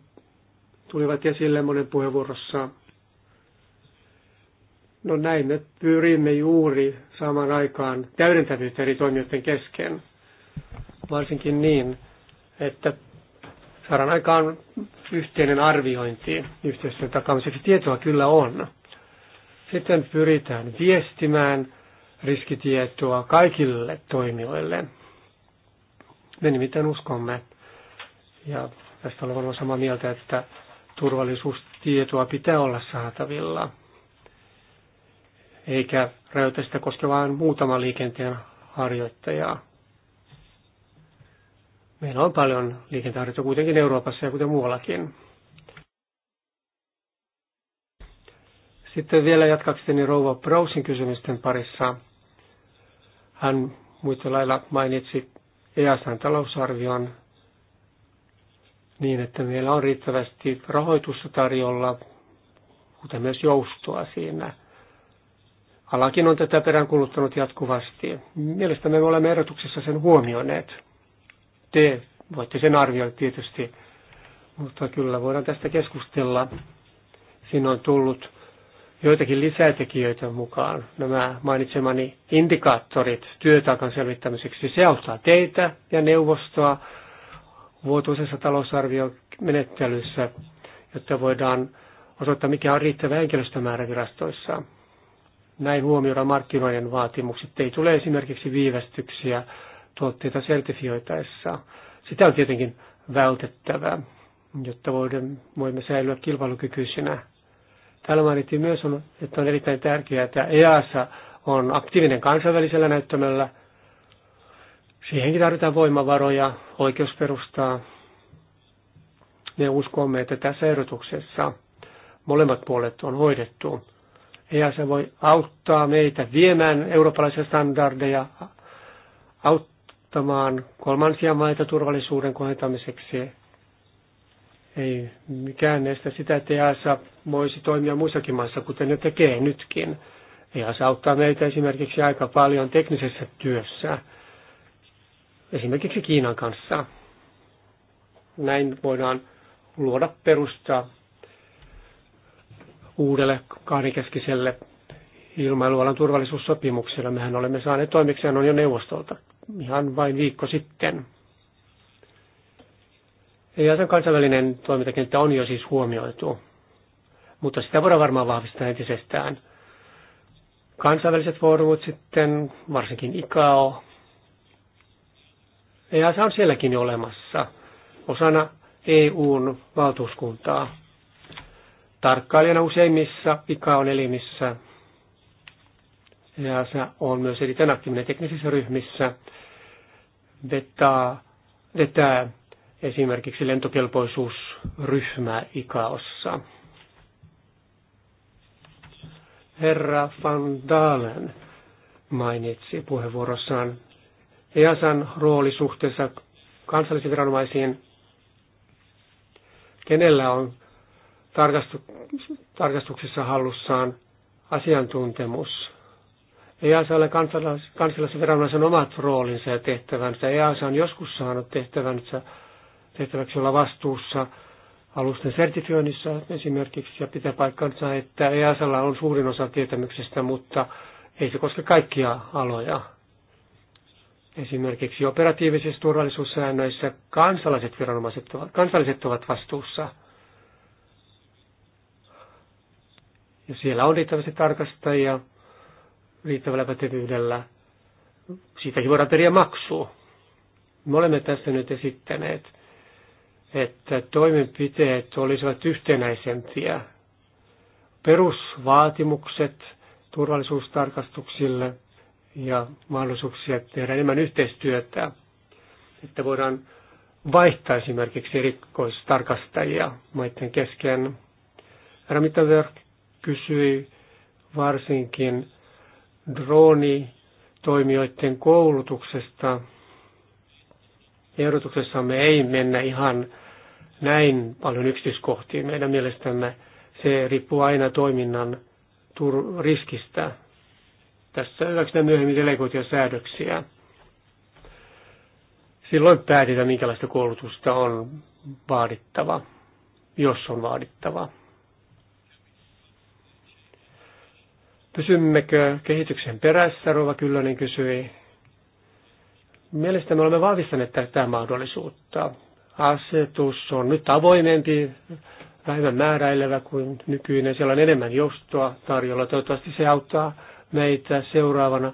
tulivat esille monen puheenvuorossa. No näin me pyrimme juuri saamaan aikaan täydentävyyttä eri toimijoiden kesken. Varsinkin niin, että saadaan aikaan yhteinen arviointi yhteistyön takaamiseksi. Tietoa kyllä on. Sitten pyritään viestimään riskitietoa kaikille toimijoille – me nimittäin uskomme, ja tästä olen varmaan samaa mieltä, että turvallisuustietoa pitää olla saatavilla, eikä rajoita sitä vain muutama liikenteen harjoittajaa. Meillä on paljon liikenteenharjoittajia kuitenkin Euroopassa ja kuten muuallakin. Sitten vielä jatkakseni Rouva Browsin kysymysten parissa. Hän muuten lailla mainitsi EASan talousarvion niin, että meillä on riittävästi rahoitusta tarjolla, kuten myös joustoa siinä. Alakin on tätä peräänkuluttanut jatkuvasti. Mielestäni me olemme erotuksessa sen huomioineet. Te voitte sen arvioida tietysti, mutta kyllä voidaan tästä keskustella. Siinä on tullut joitakin lisätekijöitä mukaan. Nämä mainitsemani indikaattorit työtaakan selvittämiseksi, se auttaa teitä ja neuvostoa vuotuisessa talousarviomenettelyssä, jotta voidaan osoittaa, mikä on riittävä henkilöstömäärä virastoissa. Näin huomioida markkinoiden vaatimukset. Ei tule esimerkiksi viivästyksiä tuotteita sertifioitaessa. Sitä on tietenkin vältettävä, jotta voimme säilyä kilpailukykyisinä Täällä mainittiin myös, että on erittäin tärkeää, että EASA on aktiivinen kansainvälisellä näyttämällä. Siihenkin tarvitaan voimavaroja, oikeusperustaa. Me uskomme, että tässä ehdotuksessa molemmat puolet on hoidettu. EASA voi auttaa meitä viemään eurooppalaisia standardeja, auttamaan kolmansia maita turvallisuuden kohentamiseksi ei mikään estä sitä, että EASA voisi toimia muissakin maissa, kuten ne tekee nytkin. EASA auttaa meitä esimerkiksi aika paljon teknisessä työssä, esimerkiksi Kiinan kanssa. Näin voidaan luoda perusta uudelle kahdenkeskiselle ilmailualan turvallisuussopimukselle. Mehän olemme saaneet toimeksiannon jo neuvostolta ihan vain viikko sitten. Ja se kansainvälinen toimintakenttä on jo siis huomioitu, mutta sitä voidaan varmaan vahvistaa entisestään. Kansainväliset foorumit sitten, varsinkin ICAO, ja se on sielläkin jo olemassa osana EUn valtuuskuntaa. Tarkkailijana useimmissa ICAOn elimissä ja se on myös erittäin aktiivinen teknisissä ryhmissä, vetää, vetää esimerkiksi lentokelpoisuusryhmä ikaossa. Herra Van Dalen mainitsi puheenvuorossaan EASan rooli suhteessa kansallisiin viranomaisiin, kenellä on tarkastu, tarkastuksessa hallussaan asiantuntemus. EASalle kansallisen viranomaisen omat roolinsa ja tehtävänsä. EASA on joskus saanut tehtävänsä tehtäväksi olla vastuussa alusten sertifioinnissa esimerkiksi, ja pitää paikkansa, että EASalla on suurin osa tietämyksestä, mutta ei se koske kaikkia aloja. Esimerkiksi operatiivisissa turvallisuussäännöissä kansalaiset viranomaiset ovat, kansalliset ovat vastuussa. Ja siellä on riittävästi tarkastajia riittävällä pätevyydellä. Siitäkin voidaan periä maksua. Me olemme tässä nyt esittäneet että toimenpiteet olisivat yhtenäisempiä. Perusvaatimukset turvallisuustarkastuksille ja mahdollisuuksia tehdä enemmän yhteistyötä, että voidaan vaihtaa esimerkiksi erikoistarkastajia maiden kesken. Ramitaver kysyi varsinkin toimijoiden koulutuksesta ehdotuksessamme ei mennä ihan näin paljon yksityiskohtiin. Meidän mielestämme se riippuu aina toiminnan riskistä. Tässä hyväksytään myöhemmin delegoituja säädöksiä. Silloin päätetään, minkälaista koulutusta on vaadittava, jos on vaadittava. Pysymmekö kehityksen perässä, Rova Kyllönen kysyi. Mielestäni me olemme vahvistaneet tätä mahdollisuutta. Asetus on nyt avoimempi, vähemmän määräilevä kuin nykyinen. Siellä on enemmän joustoa tarjolla. Toivottavasti se auttaa meitä seuraavana,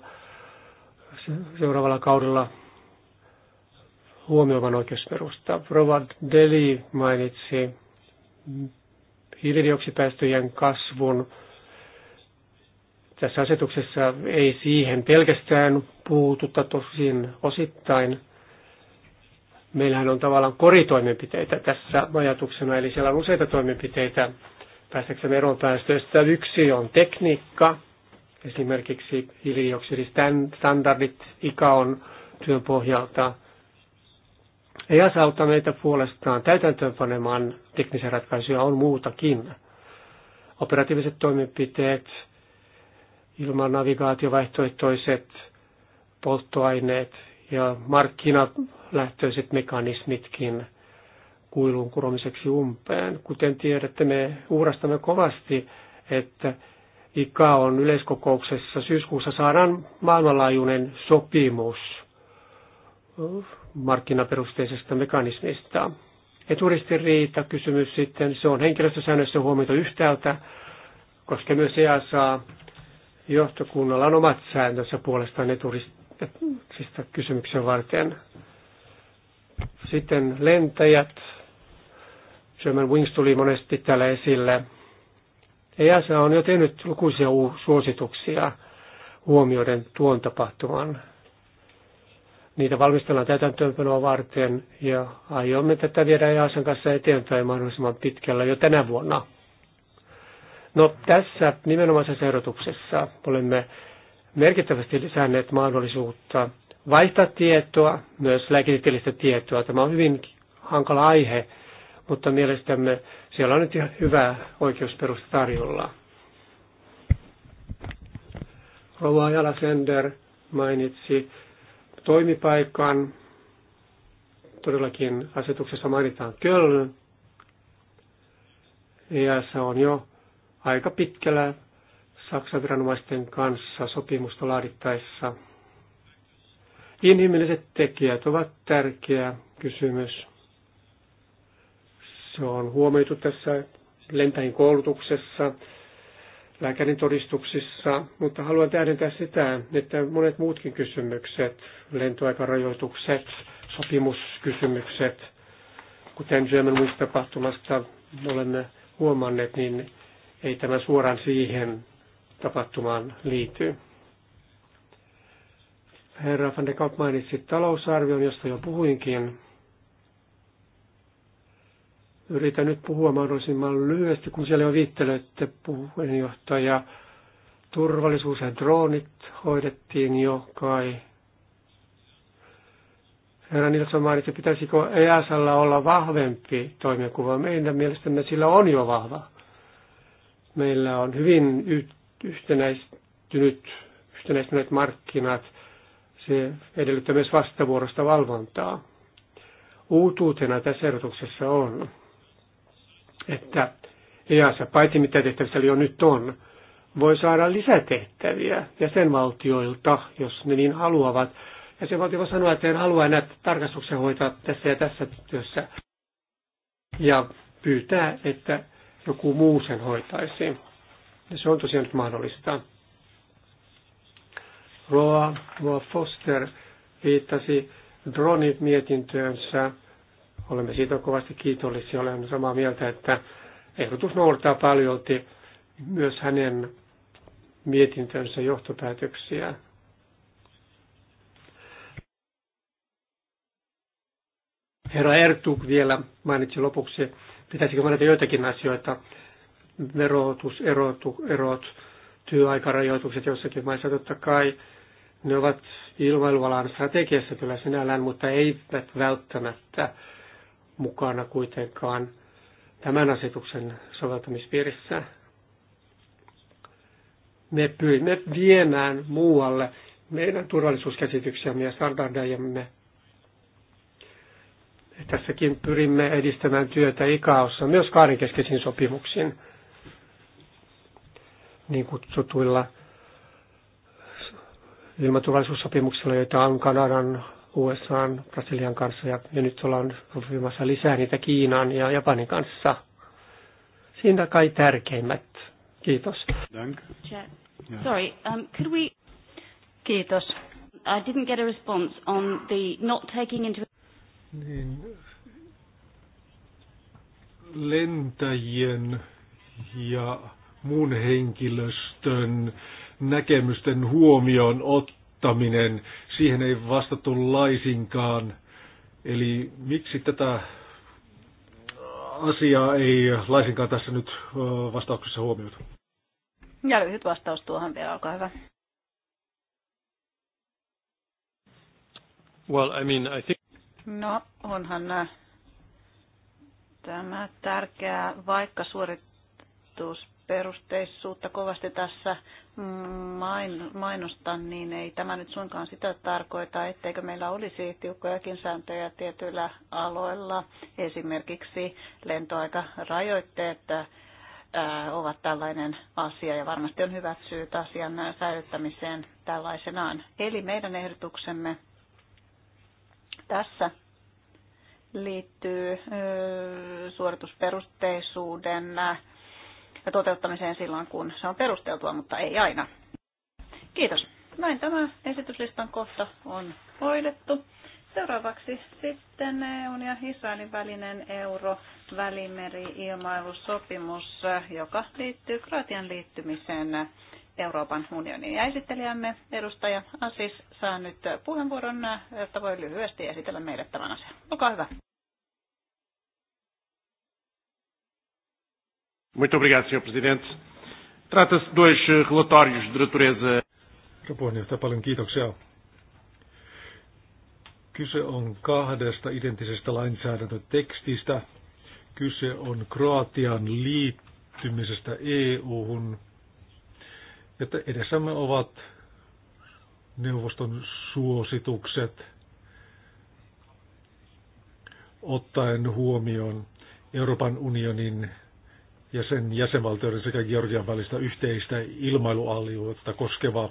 seuraavalla kaudella huomioivan oikeusperusta. Robert Deli mainitsi hiilidioksipäästöjen kasvun tässä asetuksessa ei siihen pelkästään puututa, tosin osittain meillähän on tavallaan koritoimenpiteitä tässä ajatuksena, eli siellä on useita toimenpiteitä päästäksemme eroon päästöistä. Yksi on tekniikka, esimerkiksi hiilidioksidistandardit, ikä on työn pohjalta. Ei asauta meitä puolestaan täytäntöönpanemaan teknisiä ratkaisuja, on muutakin. Operatiiviset toimenpiteet, ilman navigaatiovaihtoehtoiset polttoaineet ja markkinalähtöiset mekanismitkin kuilun kuromiseksi umpeen. Kuten tiedätte, me uurastamme kovasti, että ikä on yleiskokouksessa syyskuussa saadaan maailmanlaajuinen sopimus markkinaperusteisesta mekanismista. riitä kysymys sitten, se on henkilöstösäännössä huomioitu yhtäältä, koska myös EASA johtokunnalla on omat sääntönsä puolestaan eturistista kysymyksen varten. Sitten lentäjät. German Wings tuli monesti täällä esille. EASA on jo tehnyt lukuisia suosituksia huomioiden tuon tapahtuman. Niitä valmistellaan täytäntöönpanoa varten ja aiomme tätä viedä EASan kanssa eteenpäin mahdollisimman pitkällä jo tänä vuonna. No tässä nimenomaisessa ehdotuksessa olemme merkittävästi lisänneet mahdollisuutta vaihtaa tietoa, myös lääketieteellistä tietoa. Tämä on hyvin hankala aihe, mutta mielestämme siellä on nyt ihan hyvä oikeusperusta tarjolla. Rova Sender mainitsi toimipaikan. Todellakin asetuksessa mainitaan Köln. Ja e se on jo aika pitkällä Saksan viranomaisten kanssa sopimusta laadittaessa. Inhimilliset tekijät ovat tärkeä kysymys. Se on huomioitu tässä lentäjien koulutuksessa, lääkärin todistuksissa, mutta haluan tähdentää sitä, että monet muutkin kysymykset, lentoaikarajoitukset, sopimuskysymykset, kuten German Wings-tapahtumasta olemme huomanneet, niin ei tämä suoraan siihen tapahtumaan liity. Herra van de Kamp mainitsi talousarvion, josta jo puhuinkin. Yritän nyt puhua mahdollisimman lyhyesti, kun siellä jo viittelöitte puheenjohtaja. Turvallisuus ja droonit hoidettiin jo kai. Herra Nilsson mainitsi, pitäisikö EASalla olla vahvempi toimenkuva. Meidän mielestämme sillä on jo vahva Meillä on hyvin yhtenäistynyt, yhtenäistyneet markkinat. Se edellyttää myös vastavuorosta valvontaa. Uutuutena tässä erotuksessa on, että EASA, paitsi mitä tehtävissä jo nyt on, voi saada lisätehtäviä jäsenvaltioilta, jos ne niin haluavat. Jäsenvaltio voi sanoa, että en halua enää tarkastuksen hoitaa tässä ja tässä työssä. Ja pyytää, että joku muu sen hoitaisi. Ja se on tosiaan nyt mahdollista. Roa, Roa Foster viittasi dronit mietintöönsä. Olemme siitä kovasti kiitollisia. Olen samaa mieltä, että ehdotus noudattaa paljolti myös hänen mietintönsä johtopäätöksiä. Herra Ertug vielä mainitsi lopuksi Pitäisikö mainita joitakin asioita, verotus, erot, erot työaikarajoitukset jossakin maissa, totta kai ne ovat ilmailualan strategiassa kyllä sinällään, mutta eivät välttämättä mukana kuitenkaan tämän asetuksen soveltamispiirissä. Me pyrimme viemään muualle meidän turvallisuuskäsityksiämme ja standardejamme Tässäkin pyrimme edistämään työtä ikaossa myös kahdenkeskisiin sopimuksiin, niin kutsutuilla ilmaturvallisuussopimuksilla, joita on Kanadan, USA, Brasilian kanssa ja, ja nyt ollaan sopimassa lisää niitä Kiinan ja Japanin kanssa. Siinä kai tärkeimmät. Kiitos. Sorry, um, could we... Kiitos. I didn't get a response on the not taking into niin lentäjien ja muun henkilöstön näkemysten huomioon ottaminen, siihen ei vastattu laisinkaan. Eli miksi tätä asiaa ei laisinkaan tässä nyt vastauksessa huomioitu? Ja lyhyt vastaus tuohon vielä, olkaa hyvä. Well, I mean, I think No, onhan nämä äh, tämä tärkeää, vaikka suoritusperusteisuutta kovasti tässä mm, mainostan, niin ei tämä nyt suinkaan sitä tarkoita, etteikö meillä olisi tiukkojakin sääntöjä tietyillä aloilla. Esimerkiksi lentoaikarajoitteet äh, ovat tällainen asia ja varmasti on hyvät syyt asian säilyttämiseen tällaisenaan. Eli meidän ehdotuksemme tässä liittyy suoritusperusteisuuden toteuttamiseen silloin, kun se on perusteltua, mutta ei aina. Kiitos. Näin no niin, tämä esityslistan kohta on hoidettu. Seuraavaksi sitten EUn ja Israelin välinen euro-välimeri-ilmailusopimus, joka liittyy Kroatian liittymiseen Euroopan unionin Ja esittelijämme edustaja Asis saa nyt puheenvuoron, jotta voi lyhyesti esitellä meille tämän asian. Olkaa hyvä. Muito obrigado, senhor Presidente. Trata-se de dois eh, relatórios de natureza. puheenjohtaja, paljon kiitoksia. Kyse on kahdesta identtisestä lainsäädäntötekstistä. Kyse on Kroatian liittymisestä EU-hun että edessämme ovat neuvoston suositukset ottaen huomioon Euroopan unionin ja sen jäsenvaltioiden sekä Georgian välistä yhteistä ilmailualiuutta koskeva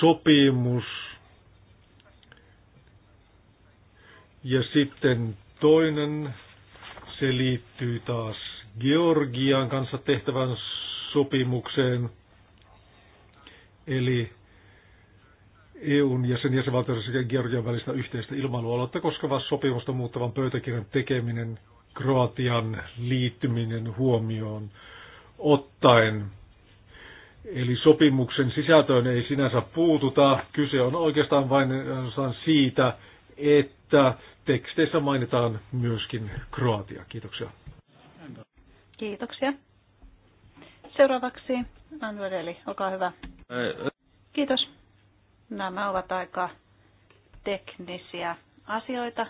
sopimus. Ja sitten toinen, se liittyy taas Georgian kanssa tehtävän sopimukseen – eli EUn ja sen jäsenvaltioiden sekä Georgian välistä yhteistä ilmailualuetta koskevaa sopimusta muuttavan pöytäkirjan tekeminen Kroatian liittyminen huomioon ottaen. Eli sopimuksen sisältöön ei sinänsä puututa. Kyse on oikeastaan vain äh, siitä, että teksteissä mainitaan myöskin Kroatia. Kiitoksia. Kiitoksia. Seuraavaksi Manueli, olkaa hyvä. Kiitos. Nämä ovat aika teknisiä asioita,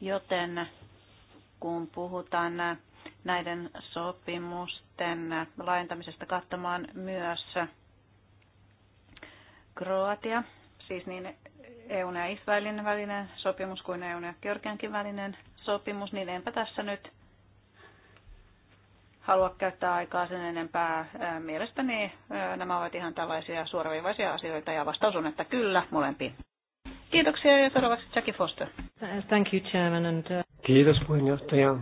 joten kun puhutaan näiden sopimusten laajentamisesta kattamaan myös Kroatia, siis niin EUn ja Israelin välinen sopimus kuin EUn ja Georgiankin välinen sopimus, niin enpä tässä nyt halua käyttää aikaa sen enempää. Mielestäni nämä ovat ihan tällaisia suoraviivaisia asioita ja vastaus on, että kyllä molempiin. Kiitoksia ja seuraavaksi Jackie Foster. Thank you, Chairman. And, uh... Kiitos puheenjohtaja.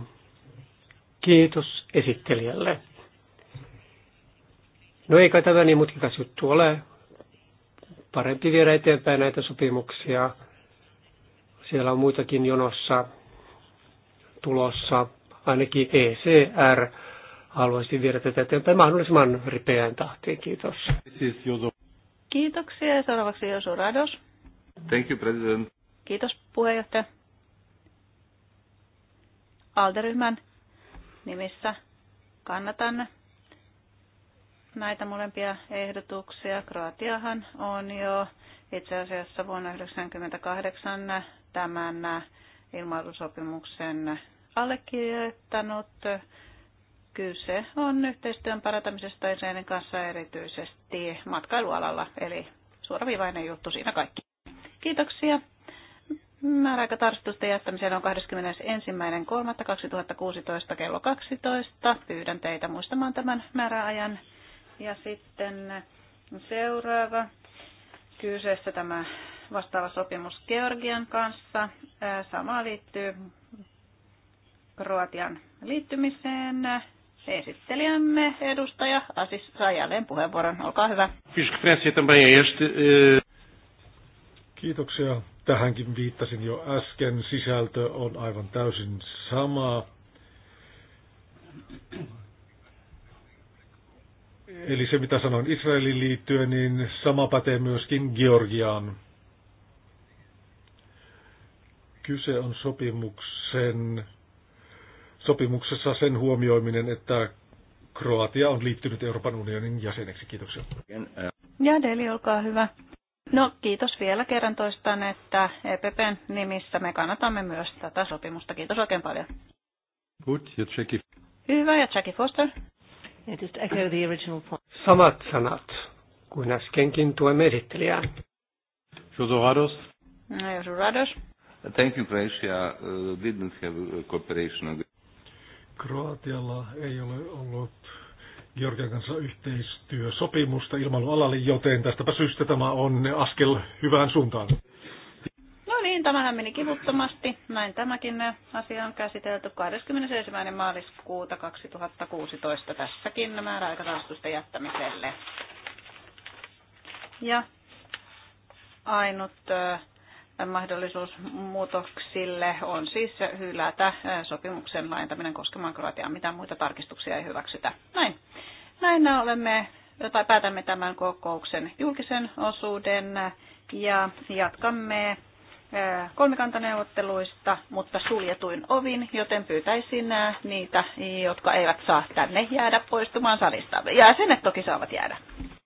Kiitos esittelijälle. No ei kai tämä niin mutkikas juttu ole. Parempi viedä eteenpäin näitä sopimuksia. Siellä on muitakin jonossa tulossa, ainakin ECR haluaisin viedä tätä eteenpäin mahdollisimman ripeään tahtiin. Kiitos. Kiitoksia ja seuraavaksi Josu Rados. Thank you, President. Kiitos puheenjohtaja. Alderyhmän nimissä kannatan näitä molempia ehdotuksia. Kroatiahan on jo itse asiassa vuonna 1998 tämän ilmailusopimuksen allekirjoittanut Kyse on yhteistyön parantamisesta Israelin kanssa erityisesti matkailualalla, eli suoraviivainen juttu siinä kaikki. Kiitoksia. Määräaika tarkistusten jättämiseen on 21.3.2016 kello 12. Pyydän teitä muistamaan tämän määräajan. Ja sitten seuraava. Kyseessä tämä vastaava sopimus Georgian kanssa. Sama liittyy Kroatian liittymiseen. Esittelijämme edustaja Asis saa jälleen puheenvuoron. Olkaa hyvä. Eh, Kiitoksia. Tähänkin viittasin jo äsken. Sisältö on aivan täysin sama. Eli se, mitä sanoin Israelin liittyen, niin sama pätee myöskin Georgiaan. Kyse on sopimuksen sopimuksessa sen huomioiminen, että Kroatia on liittynyt Euroopan unionin jäseneksi. Kiitoksia. Ja Deli, olkaa hyvä. No kiitos vielä kerran toistan, että EPPn nimissä me kannatamme myös tätä sopimusta. Kiitos oikein paljon. Good, ja Jackie. Hyvä, ja Jackie Foster. Yeah, just echo the original point. Samat sanat kuin äskenkin tuemme esittelijää. Josorados. No, Josorados. Thank you, Croatia. Uh, didn't have cooperation. Kroatialla ei ole ollut Georgian kanssa yhteistyösopimusta ilmailualalle, joten tästäpä syystä tämä on askel hyvään suuntaan. No niin, tämähän meni kivuttomasti. Näin tämäkin asia on käsitelty 21. maaliskuuta 2016 tässäkin määräaikatarkistusten jättämiselle. Ja ainut mahdollisuus muutoksille on siis hylätä sopimuksen laajentaminen koskemaan Kroatiaa. Mitään muita tarkistuksia ei hyväksytä. Näin. Näin olemme, tai päätämme tämän kokouksen julkisen osuuden ja jatkamme kolmikantaneuvotteluista, mutta suljetuin ovin, joten pyytäisin niitä, jotka eivät saa tänne jäädä poistumaan salista. Jäsenet toki saavat jäädä.